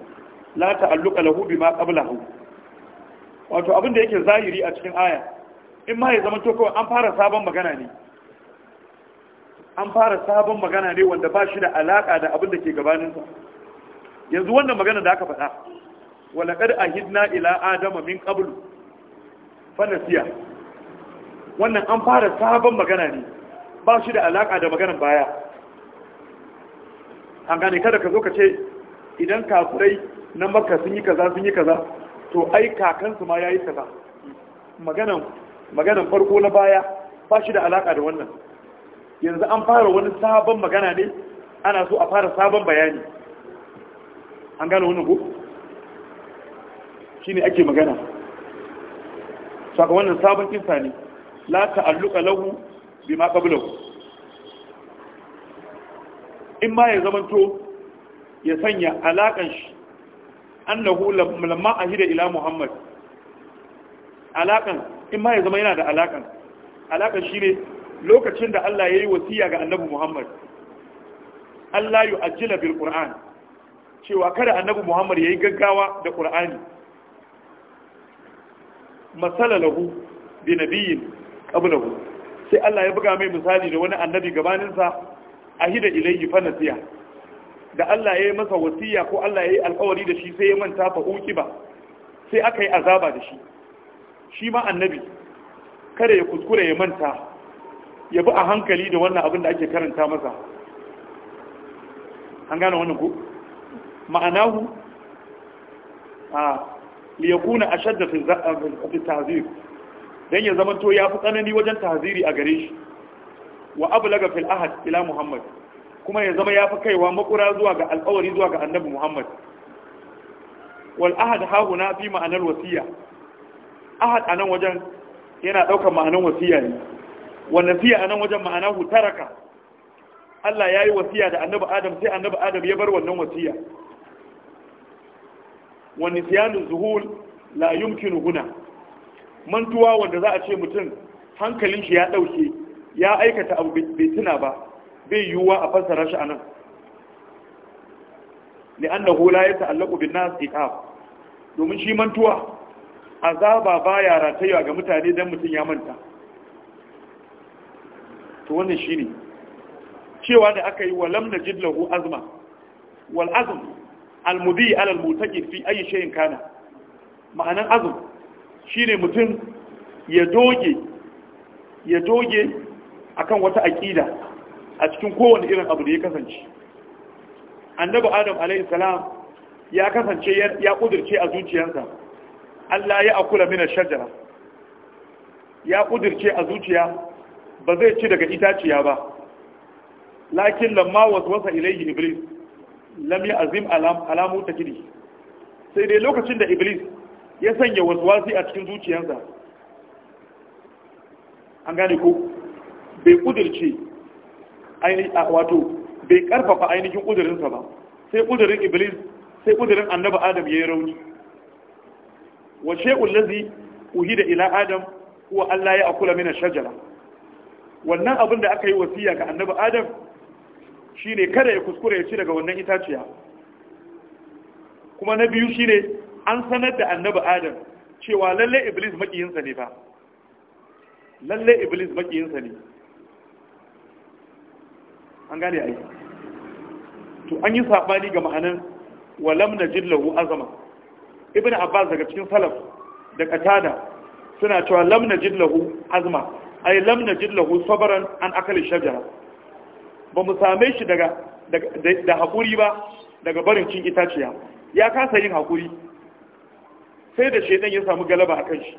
la ta'alluqa lahu bima qablahu wato abin da yake zahiri a cikin aya in ma ya zama to kawai an fara sabon magana ne an fara sabon magana ne wanda ba shi da alaka da abin da ke gabaninsa yanzu wannan magana da aka faɗa walaƙar ahidna ila adama min ƙablu fanasiya wannan an fara sabon magana ne ba shi da alaƙa da maganan baya an gane kada ka zo ka ce idan kafurai na makka sun yi kaza sun yi kaza to ai kakansu ma ya yi kaza maganan farko na baya ba shi da alaƙa da wannan yanzu an fara wani sabon magana ne ana so a fara sabon bayani an gane wannan ko shine ake magana saka wannan sabon kinsa ne la ta'alluqa lahu bima qablahu in ma ya zamanto ya sanya alaƙan shi annahu lamma ahida ila muhammad alaƙan in ma ya zama yana da alaƙan alaƙan shine lokacin da Allah ya yi wasiya ga annabi muhammad Allah yu bil qur'an cewa kada annabi muhammad ya yi gaggawa da ƙur'ani matsala lahu bi nabiyin qablahu sai Allah ya buga mai misali da wani annabi gabaninsa ahida ilayhi fa nasiya da Allah ya yi masa wasiya ko Allah ya yi alƙawari da shi sai ya manta fa ba, sai aka yi azaba da shi shi ma annabi kada ya kuskure ya manta ya bi a hankali da wannan abin da ake karanta masa an gane wannan ku ma'anahu a liyakuna ashadda fi tahzir dan ya zamanto ya fi tsanani wajen tahziri a gare shi wa ablaga fil ahad ila muhammad kuma ya zama ya fi kaiwa makura zuwa ga alƙawari zuwa ga annabi muhammad wal ahad hahuna fi ma'anar wasiya ahad anan wajen yana ɗaukar ma'anar wasiya ne wannan siya anan wajen ma'anahu taraka Allah ya yi wasiya da annabi Adam sai annabi Adam ya bar wannan wasiya Wani Ziyanu zuhul la yumkinu huna mantuwa wanda za a ce mutum hankalin shi ya dauke ya aikata abu bai tuna ba bai yiwuwa a fassara shi anan li'annahu la yata'allaqu bin nas iqab domin shi mantuwa azaba baya ratayya ga mutane dan mutum ya manta to wannan shine cewa da aka yi walam najid lahu azma wal azm almudi alal mutaqin fi ayi shay'in kana ma'anan azum shine mutum ya doge ya doge akan wata aqida a cikin kowane irin abu da ya kasance annabi adam alayhi salam ya kasance ya kudirce a zuciyarsa Allah ya akula mina shajara ya kudirce a zuciya ba zai ci daga itaciya ba lakin lamma waswasa ilayhi iblis lam ya azim alamu ta kiri sai dai lokacin da iblis ya sanya waswasi a cikin zuciyarsa an gane ko bai kudirce wato bai karfafa ainihin kudurinsa ba sai kudirin iblis sai kudirin annabi adam ya yi rauni wa shekul lazi uhida ila adam kuwa allah ya akula mina shajara wannan abin da aka yi wasiya ga annabi adam shine kada ya kuskure ya ci daga wannan itaciya kuma na biyu shine an sanar da annabi adam cewa lalle iblis makiyinsa ne fa lalle iblis makiyinsa ne an gane ai to an yi sabani ga ma'anan walam najid lahu azama ibnu abbas daga cikin salaf da katada suna cewa lam najid lahu azama. ai lam najid lahu sabran an akali shajara ba mu same shi da haƙuri ba daga barin cin itaciya ya kasa yin haƙuri sai da shaidan ya samu galaba a kan shi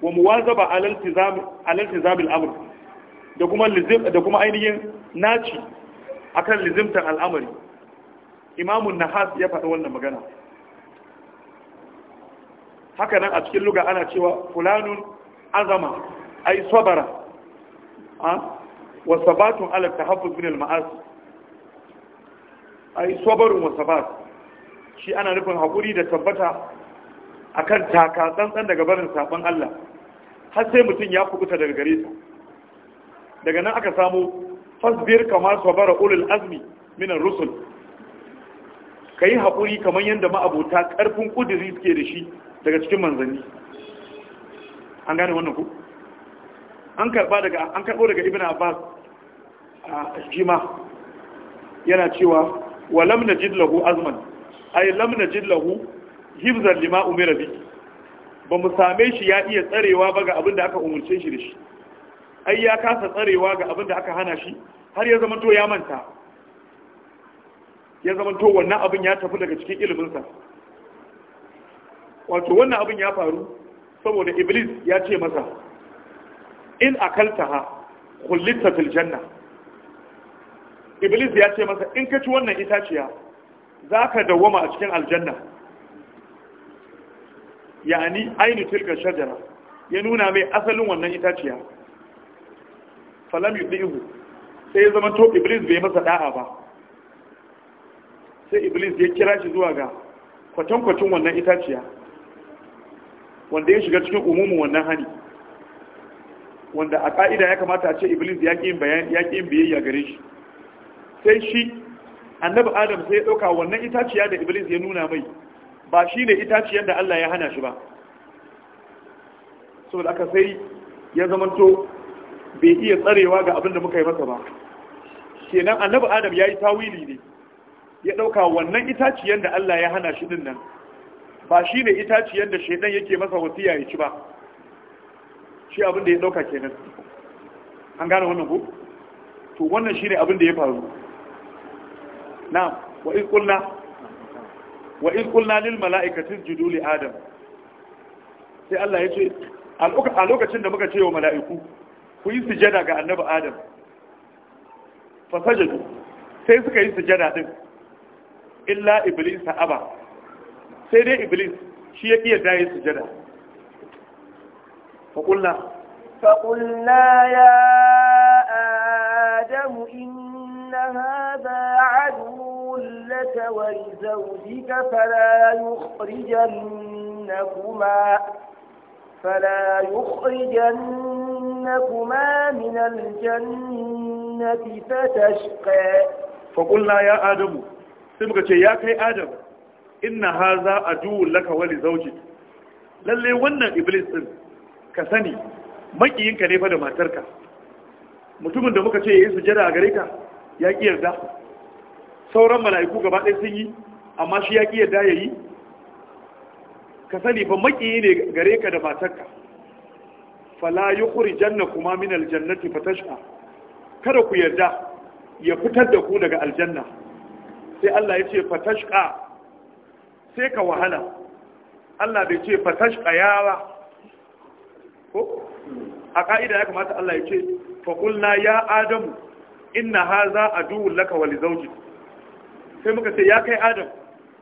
wa muwazaba alal tizamil amr da kuma lizim da kuma ainihin naci akan lizimtar al'amari imamun nahas ya faɗi wannan magana haka nan a cikin luga ana cewa fulanun azama ai sabara ah? wa sabatun ala tahaffuz min al-ma'asi ai sabarun wa sabat shi ana nufin haƙuri da tabbata A kan taka tsantsan daga barin saban Allah har sai mutum ya kubuta daga gare ta daga nan aka samu fasbir kamar sabara ulul azmi minan ar Ka yi haƙuri kamar yadda ma'abota ƙarfin kudiri suke da shi daga cikin manzanni an gane wannan ku an karɓo daga an abbas jima yana cewa wa lam najid lahu azman ay lam najid lahu hibzan lima umira bi ba mu same shi ya iya tsarewa ba ga abin da aka umurce shi da shi ai ya kasa tsarewa ga abin da aka hana shi har ya zama to ya manta ya zama to wannan abin ya tafi daga cikin sa wato wannan abin ya faru saboda iblis ya ce masa in akaltaha kullita fil janna iblis ya ce masa in ka ci wannan itaciya za ka dawwama a cikin aljanna yani aini tilka shajara ya nuna mai asalin wannan itaciya falam ihu, sai ya zama to iblis bai masa da'a ba sai iblis ya kira shi zuwa ga kwatankwacin wannan itaciya wanda ya shiga cikin umumin wannan hani wanda a ka'ida ya kamata a ce iblis ya ƙi yin biyayya gare shi sai shi annabi adam sai ya ɗauka wannan itaciya da iblis ya nuna mai ba shi ne itaciyar da allah ya hana shi ba saboda aka sai ya zamanto bai iya tsarewa ga abin da muka yi masa ba kenan annabi adam ya yi tawili ne ya ɗauka wannan itaciyar da allah ya hana shi din nan ba shi ne itaciyar da shaidan yake masa wasiya ya ci ba shi abin da ya ɗauka kenan an gane wannan ku to wannan shi ne abin da ya faru na'am wa in qulna wa in qulna lil adam sai Allah ya ce a lokacin da muka ce wa mala'iku ku yi sujada ga annabi adam fa sajadu sai suka yi sujada din illa iblis aba sai dai iblis shi ya sujada لك ولزوجك فلا يخرجنكما فلا يخرجنكما من الجنة فتشقى فقلنا يا آدم سمك يا كي آدم إن هذا أدو لك ولزوجك lalle wannan iblis din ka sani makiyinka ne fa da matarka mutumin da muka ce ya yi sujada a gare ka ya ki yarda sauran mala'iku gaba ɗaya sun yi amma shi ya ƙi daya ya yi ka sani ba maƙi ne gare ka da matarka fala yi kuri janna kuma min aljannati fatashka kada ku yarda ya fitar da ku daga aljanna sai Allah ya ce fatashka sai ka wahala Allah bai ce fatashka yawa ko a ka'ida ya kamata Allah ya ce faƙulna ya adamu inna haza aduwwun laka wa li sai muka ce ya kai adam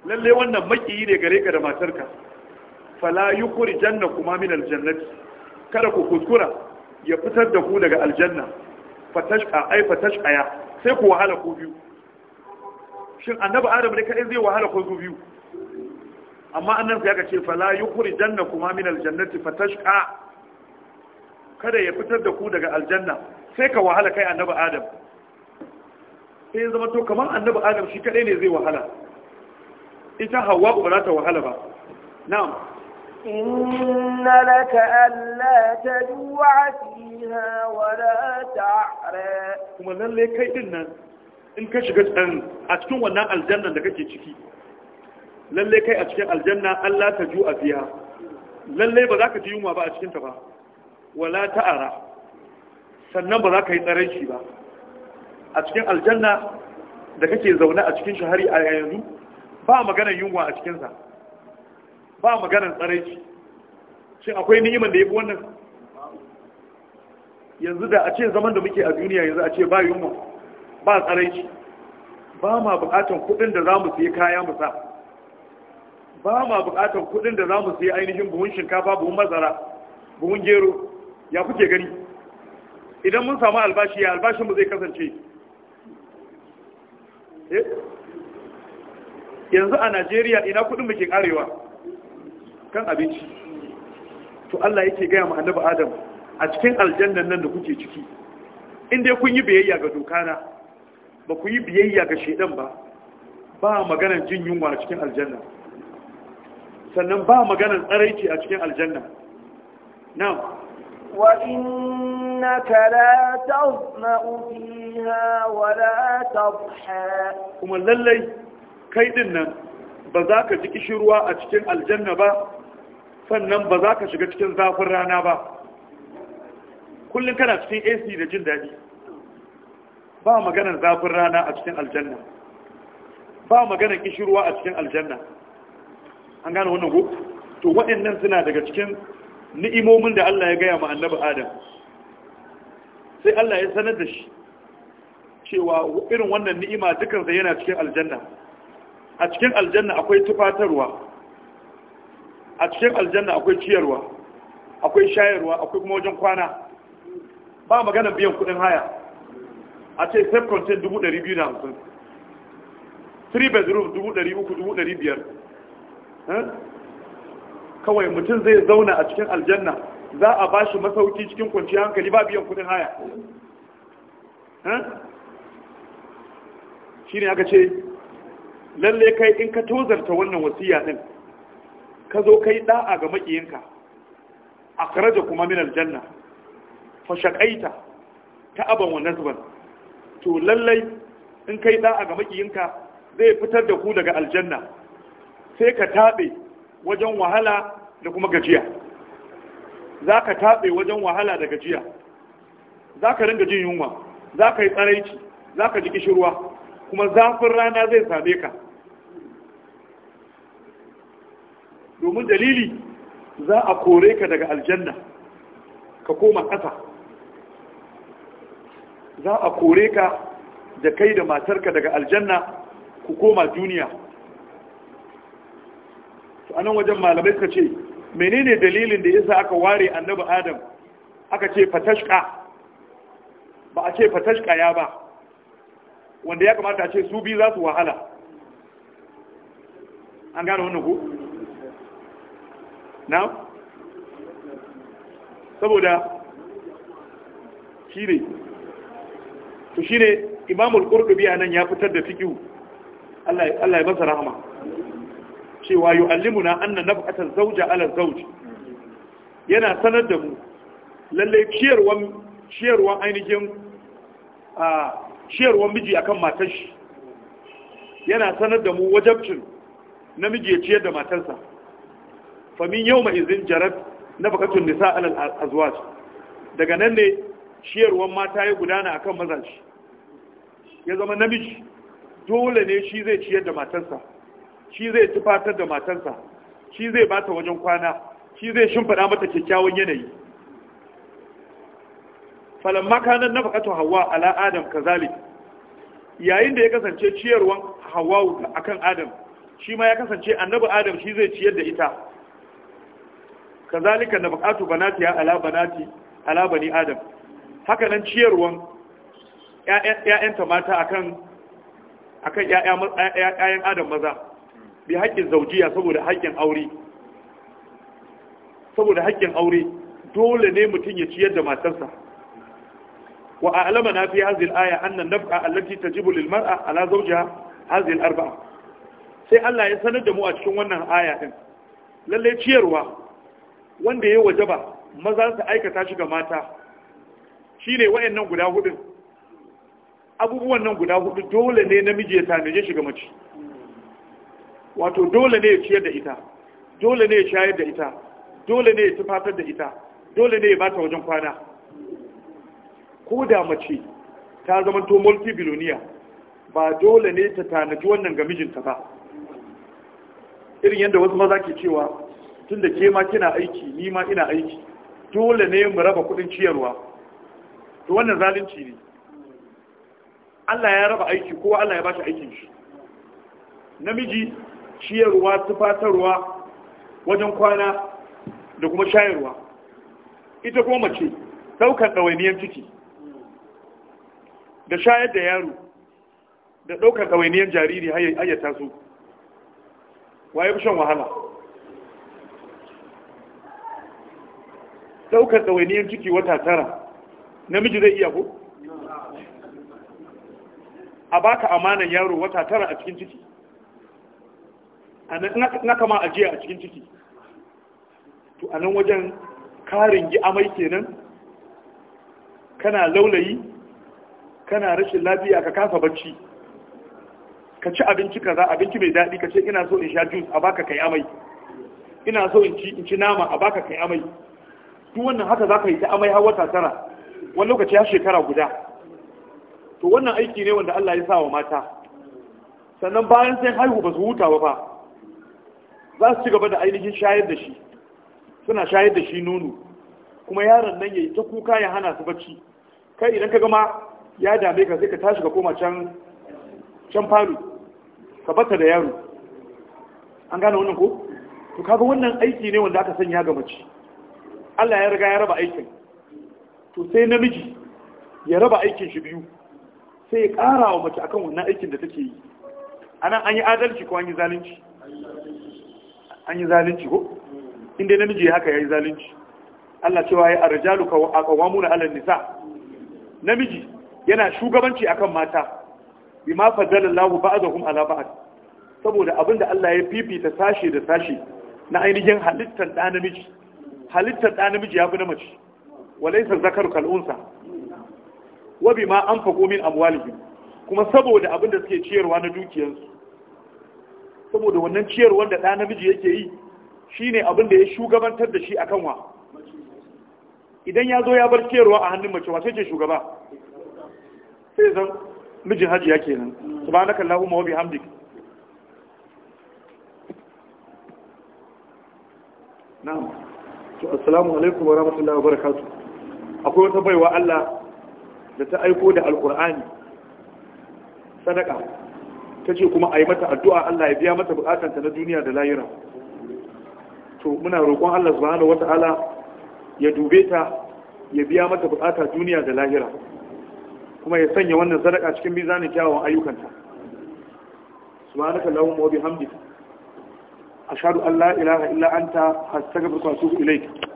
lalle wannan makiyi ne gare ka da matarka fala yukuri janna kuma min aljannati kada ku kuskura ya fitar da ku daga aljanna fatashqa ai fatashqaya sai ku wahala ku biyu shin annabi adam ne kai zai wahala ku biyu amma annabi ya ce fala yukuri janna kuma min aljannati fatashqa kada ya fitar da ku daga aljanna sai ka wahala kai annabi adam sai ya zama to kamar annabi adam shi kadai ne zai wahala ita hawa ba za ta wahala ba na'am inna laka alla tajua fiha wa la ta'ra kuma lalle kai din nan in ka shiga tsan a cikin wannan aljanna da kake ciki lalle kai a cikin aljanna Allah ta ju a fiha lalle ba za ka ji yunwa ba a cikin ta ba wala ta'ara sannan ba za ka yi tsaraici ba a cikin aljanna da kake zaune a cikin shahari a yanzu ba maganar yunwa a cikinsa ba maganar tsaraici shin akwai ni'iman da ya fi wannan yanzu da a ce zaman da muke a duniya yanzu a ce ba yunwa ba tsaraici ba ma bukatan kudin da za mu sai kaya mu sa ba ma bukatan kudin da za mu sai ainihin buhun shinkafa buhun mazara buhun gero ya kuke gani idan mun samu albashi ya albashinmu zai kasance Eh? yanzu a najeriya ina kudin muke karewa kan abinci to allah yake gaya ma annabi adam a cikin aljannan nan da kuke ciki inda kun yi biyayya ga dokana ba ku yi biyayya ga shaidan ba ba maganan jin yunwa a cikin aljanna sannan ba maganan tsaraici a cikin aljanna na وإنك لا تظمأ فيها ولا تضحى كما للي كيدنا بذاك جكش شروع أتكين الجنة با فنن بذاك شكتكين زافر رانا با كل كان أتكين AC da jin daɗi ba maganar zafin rana a cikin aljanna ba maganar kishirwa a cikin aljanna an gane wannan ko to waɗannan suna daga cikin ni'imomin da Allah ya gaya ma annabi Adam sai Allah ya sanar da shi cewa irin wannan ni'ima dukansa yana cikin aljanna a cikin aljanna akwai tufatarwa a cikin aljanna akwai ciyarwa akwai shayarwa akwai kuma wajen kwana ba magana biyan kudin haya a ce safe contain 250 3 bedroom 300 500 kawai mutum zai zauna a cikin aljanna za a ba shi masauki cikin kwanciyar hankali ba biyan kudin haya shi ne aka ce lalle kai in ka tozarta wannan wasiya din ka zo kai da'a ga makiyinka a karaja kuma min aljanna fashakaita ta aban wannan zuban to lallai in kai da'a ga makiyinka zai fitar da ku daga aljanna sai ka taɓe wajen wahala da kuma gajiya za ka taɓe wajen wahala da gajiya za ka ringa jin yunwa za ka yi tsaraici za ka ji kishirwa kuma zafin rana zai same ka domin dalili za a kore ka daga aljanna ka koma ƙasa za a kore ka da kai da matarka daga aljanna ku koma duniya to anan wajen malamai suka ce menene dalilin da yasa aka ware annabi adam aka ce fatashka ba a ce fatashka ya ba wanda ya kamata a ce su biyu za su wahala an gane wannan ku? na? saboda shi ne to shi ne imamul ƙurƙubi a nan ya fitar da fikiyu Allah ya masa rahama cewa yu'allimuna anna nab'ata zawja ala zawj yana sanar da mu lalle ciyarwan ainihin a ciyarwan miji akan matar shi yana sanar da mu wajabcin namiji ya ciyar da matarsa fa min yawma idhin jarat nafaqatun nisa ala azwaj daga nan ne ciyarwan mata ya gudana akan mazaji ya zama namiji dole ne shi zai ciyar da matarsa shi zai tufatar da matansa, shi zai bata wajen kwana shi zai shimfida mata kyakkyawan yanayi falamma kanan nafaqatu hawa ala adam kazali yayin da ya kasance ciyarwan hawa akan adam shi ma ya kasance annabi adam shi zai ciyar da ita kazalika nafaqatu banati ala banati ala bani adam haka nan ciyarwan ya'yanta mata akan akan ya'yan adam maza bi haƙƙin zaujiya saboda haƙƙin aure saboda haƙƙin aure dole ne mutum ya ciyar da matarsa wa a'lama na fi al aya annan naf'a allati tajibu lil mar'a ala zawjiha al arba'a sai Allah ya sanar da mu a cikin wannan aya din lalle ciyarwa wanda ya wajaba maza su aikata shi ga mata shine wayannan guda hudu abubuwan nan guda hudu dole ne namiji ya tanaje shi ga mace wato dole ne ya ciyar da ita dole ne ya shayar da ita dole ne ya tufatar da ita dole ne ya ba ta wajen kwana ko da mace ta zama to multibiloniya ba dole ne ta tanaji wannan ga mijinta ba irin yadda wasu maza ke cewa tun da ke ma kina aiki ni ma ina aiki dole ne mu raba kudin ciyarwa to wannan zalunci ne Allah ya raba aiki kowa Allah ya ba shi aikin shi namiji ciyarwa tufatarwa wajen kwana da kuma shayarwa ita kuma mace daukar ɗawainiyar ciki da shayar da yaro da daukar ɗawainiyar jariri hayyata su waye shan wahala daukar ɗawainiyar ciki wata tara namiji zai iya ko a baka amanan yaro wata tara a cikin ciki na kama ajiya a cikin ciki to a nan wajen karin gi amai kenan kana laulayi kana rashin lafiya ka kasa bacci ka ci abinci kaza abinci mai daɗi ka ce ina so in sha juice a baka kai amai ina so in ci in ci nama a baka kai amai duk wannan haka za ka yi ta amai har wata tara wani lokaci har shekara guda to wannan aiki ne wanda Allah ya sa wa mata sannan bayan sai haihu ba su hutawa ba za su ci gaba da ainihin shayar da shi suna shayar da shi nono kuma yaron nan ya yi ta kuka ya hana su bacci kai idan ka gama ya dame ka sai ka tashi ka koma can can faru ka bata da yaro an gane wannan ko to kaga wannan aiki ne wanda aka sanya ga mace Allah ya riga ya raba aikin to sai namiji ya raba aikin shi biyu sai ya ƙara wa mace akan wannan aikin da take yi anan an yi adalci ko an yi zalunci an yi zalunci ko inda namiji ya haka ya yi zalunci Allah cewa ya arjalu a na alal nisa namiji yana shugabanci akan mata bima faddalallahu ba'dahum ala ba'd saboda abinda Allah ya fifita sashe da sashe na ainihin halittar da namiji halittar da namiji fi na mace walaysa zakaru kal unsa wa bima anfaqu min amwalihim kuma saboda abinda suke ciyarwa na dukiyarsu saboda wannan ciyarwar da ɗa namiji yake yi shi ne abin da ya shugabantar da shi a kanwa idan ya zo ya bar ciyarwa a hannun mace wasu ce shugaba sai zan mijin hajiya kenan kalla umar wabi Hamdi. na'am to assalamu alaikum wa rahmatullahi wa barakatu. akwai wata baiwa Allah da ta aiko da alqur'ani sadaka ta ce kuma a yi mata addu'a Allah ya biya mata bukatanta na duniya da lahira to muna roƙon Allah subhanahu wata'ala ya dube ta ya biya mata bukata duniya da lahira kuma ya sanya wannan sadaka cikin mizanin kyawawan ayyukanta subhanaka allahumma wa bihamdika ashhadu an la ilaha illa anta astaghfiruka wa atubu ilayk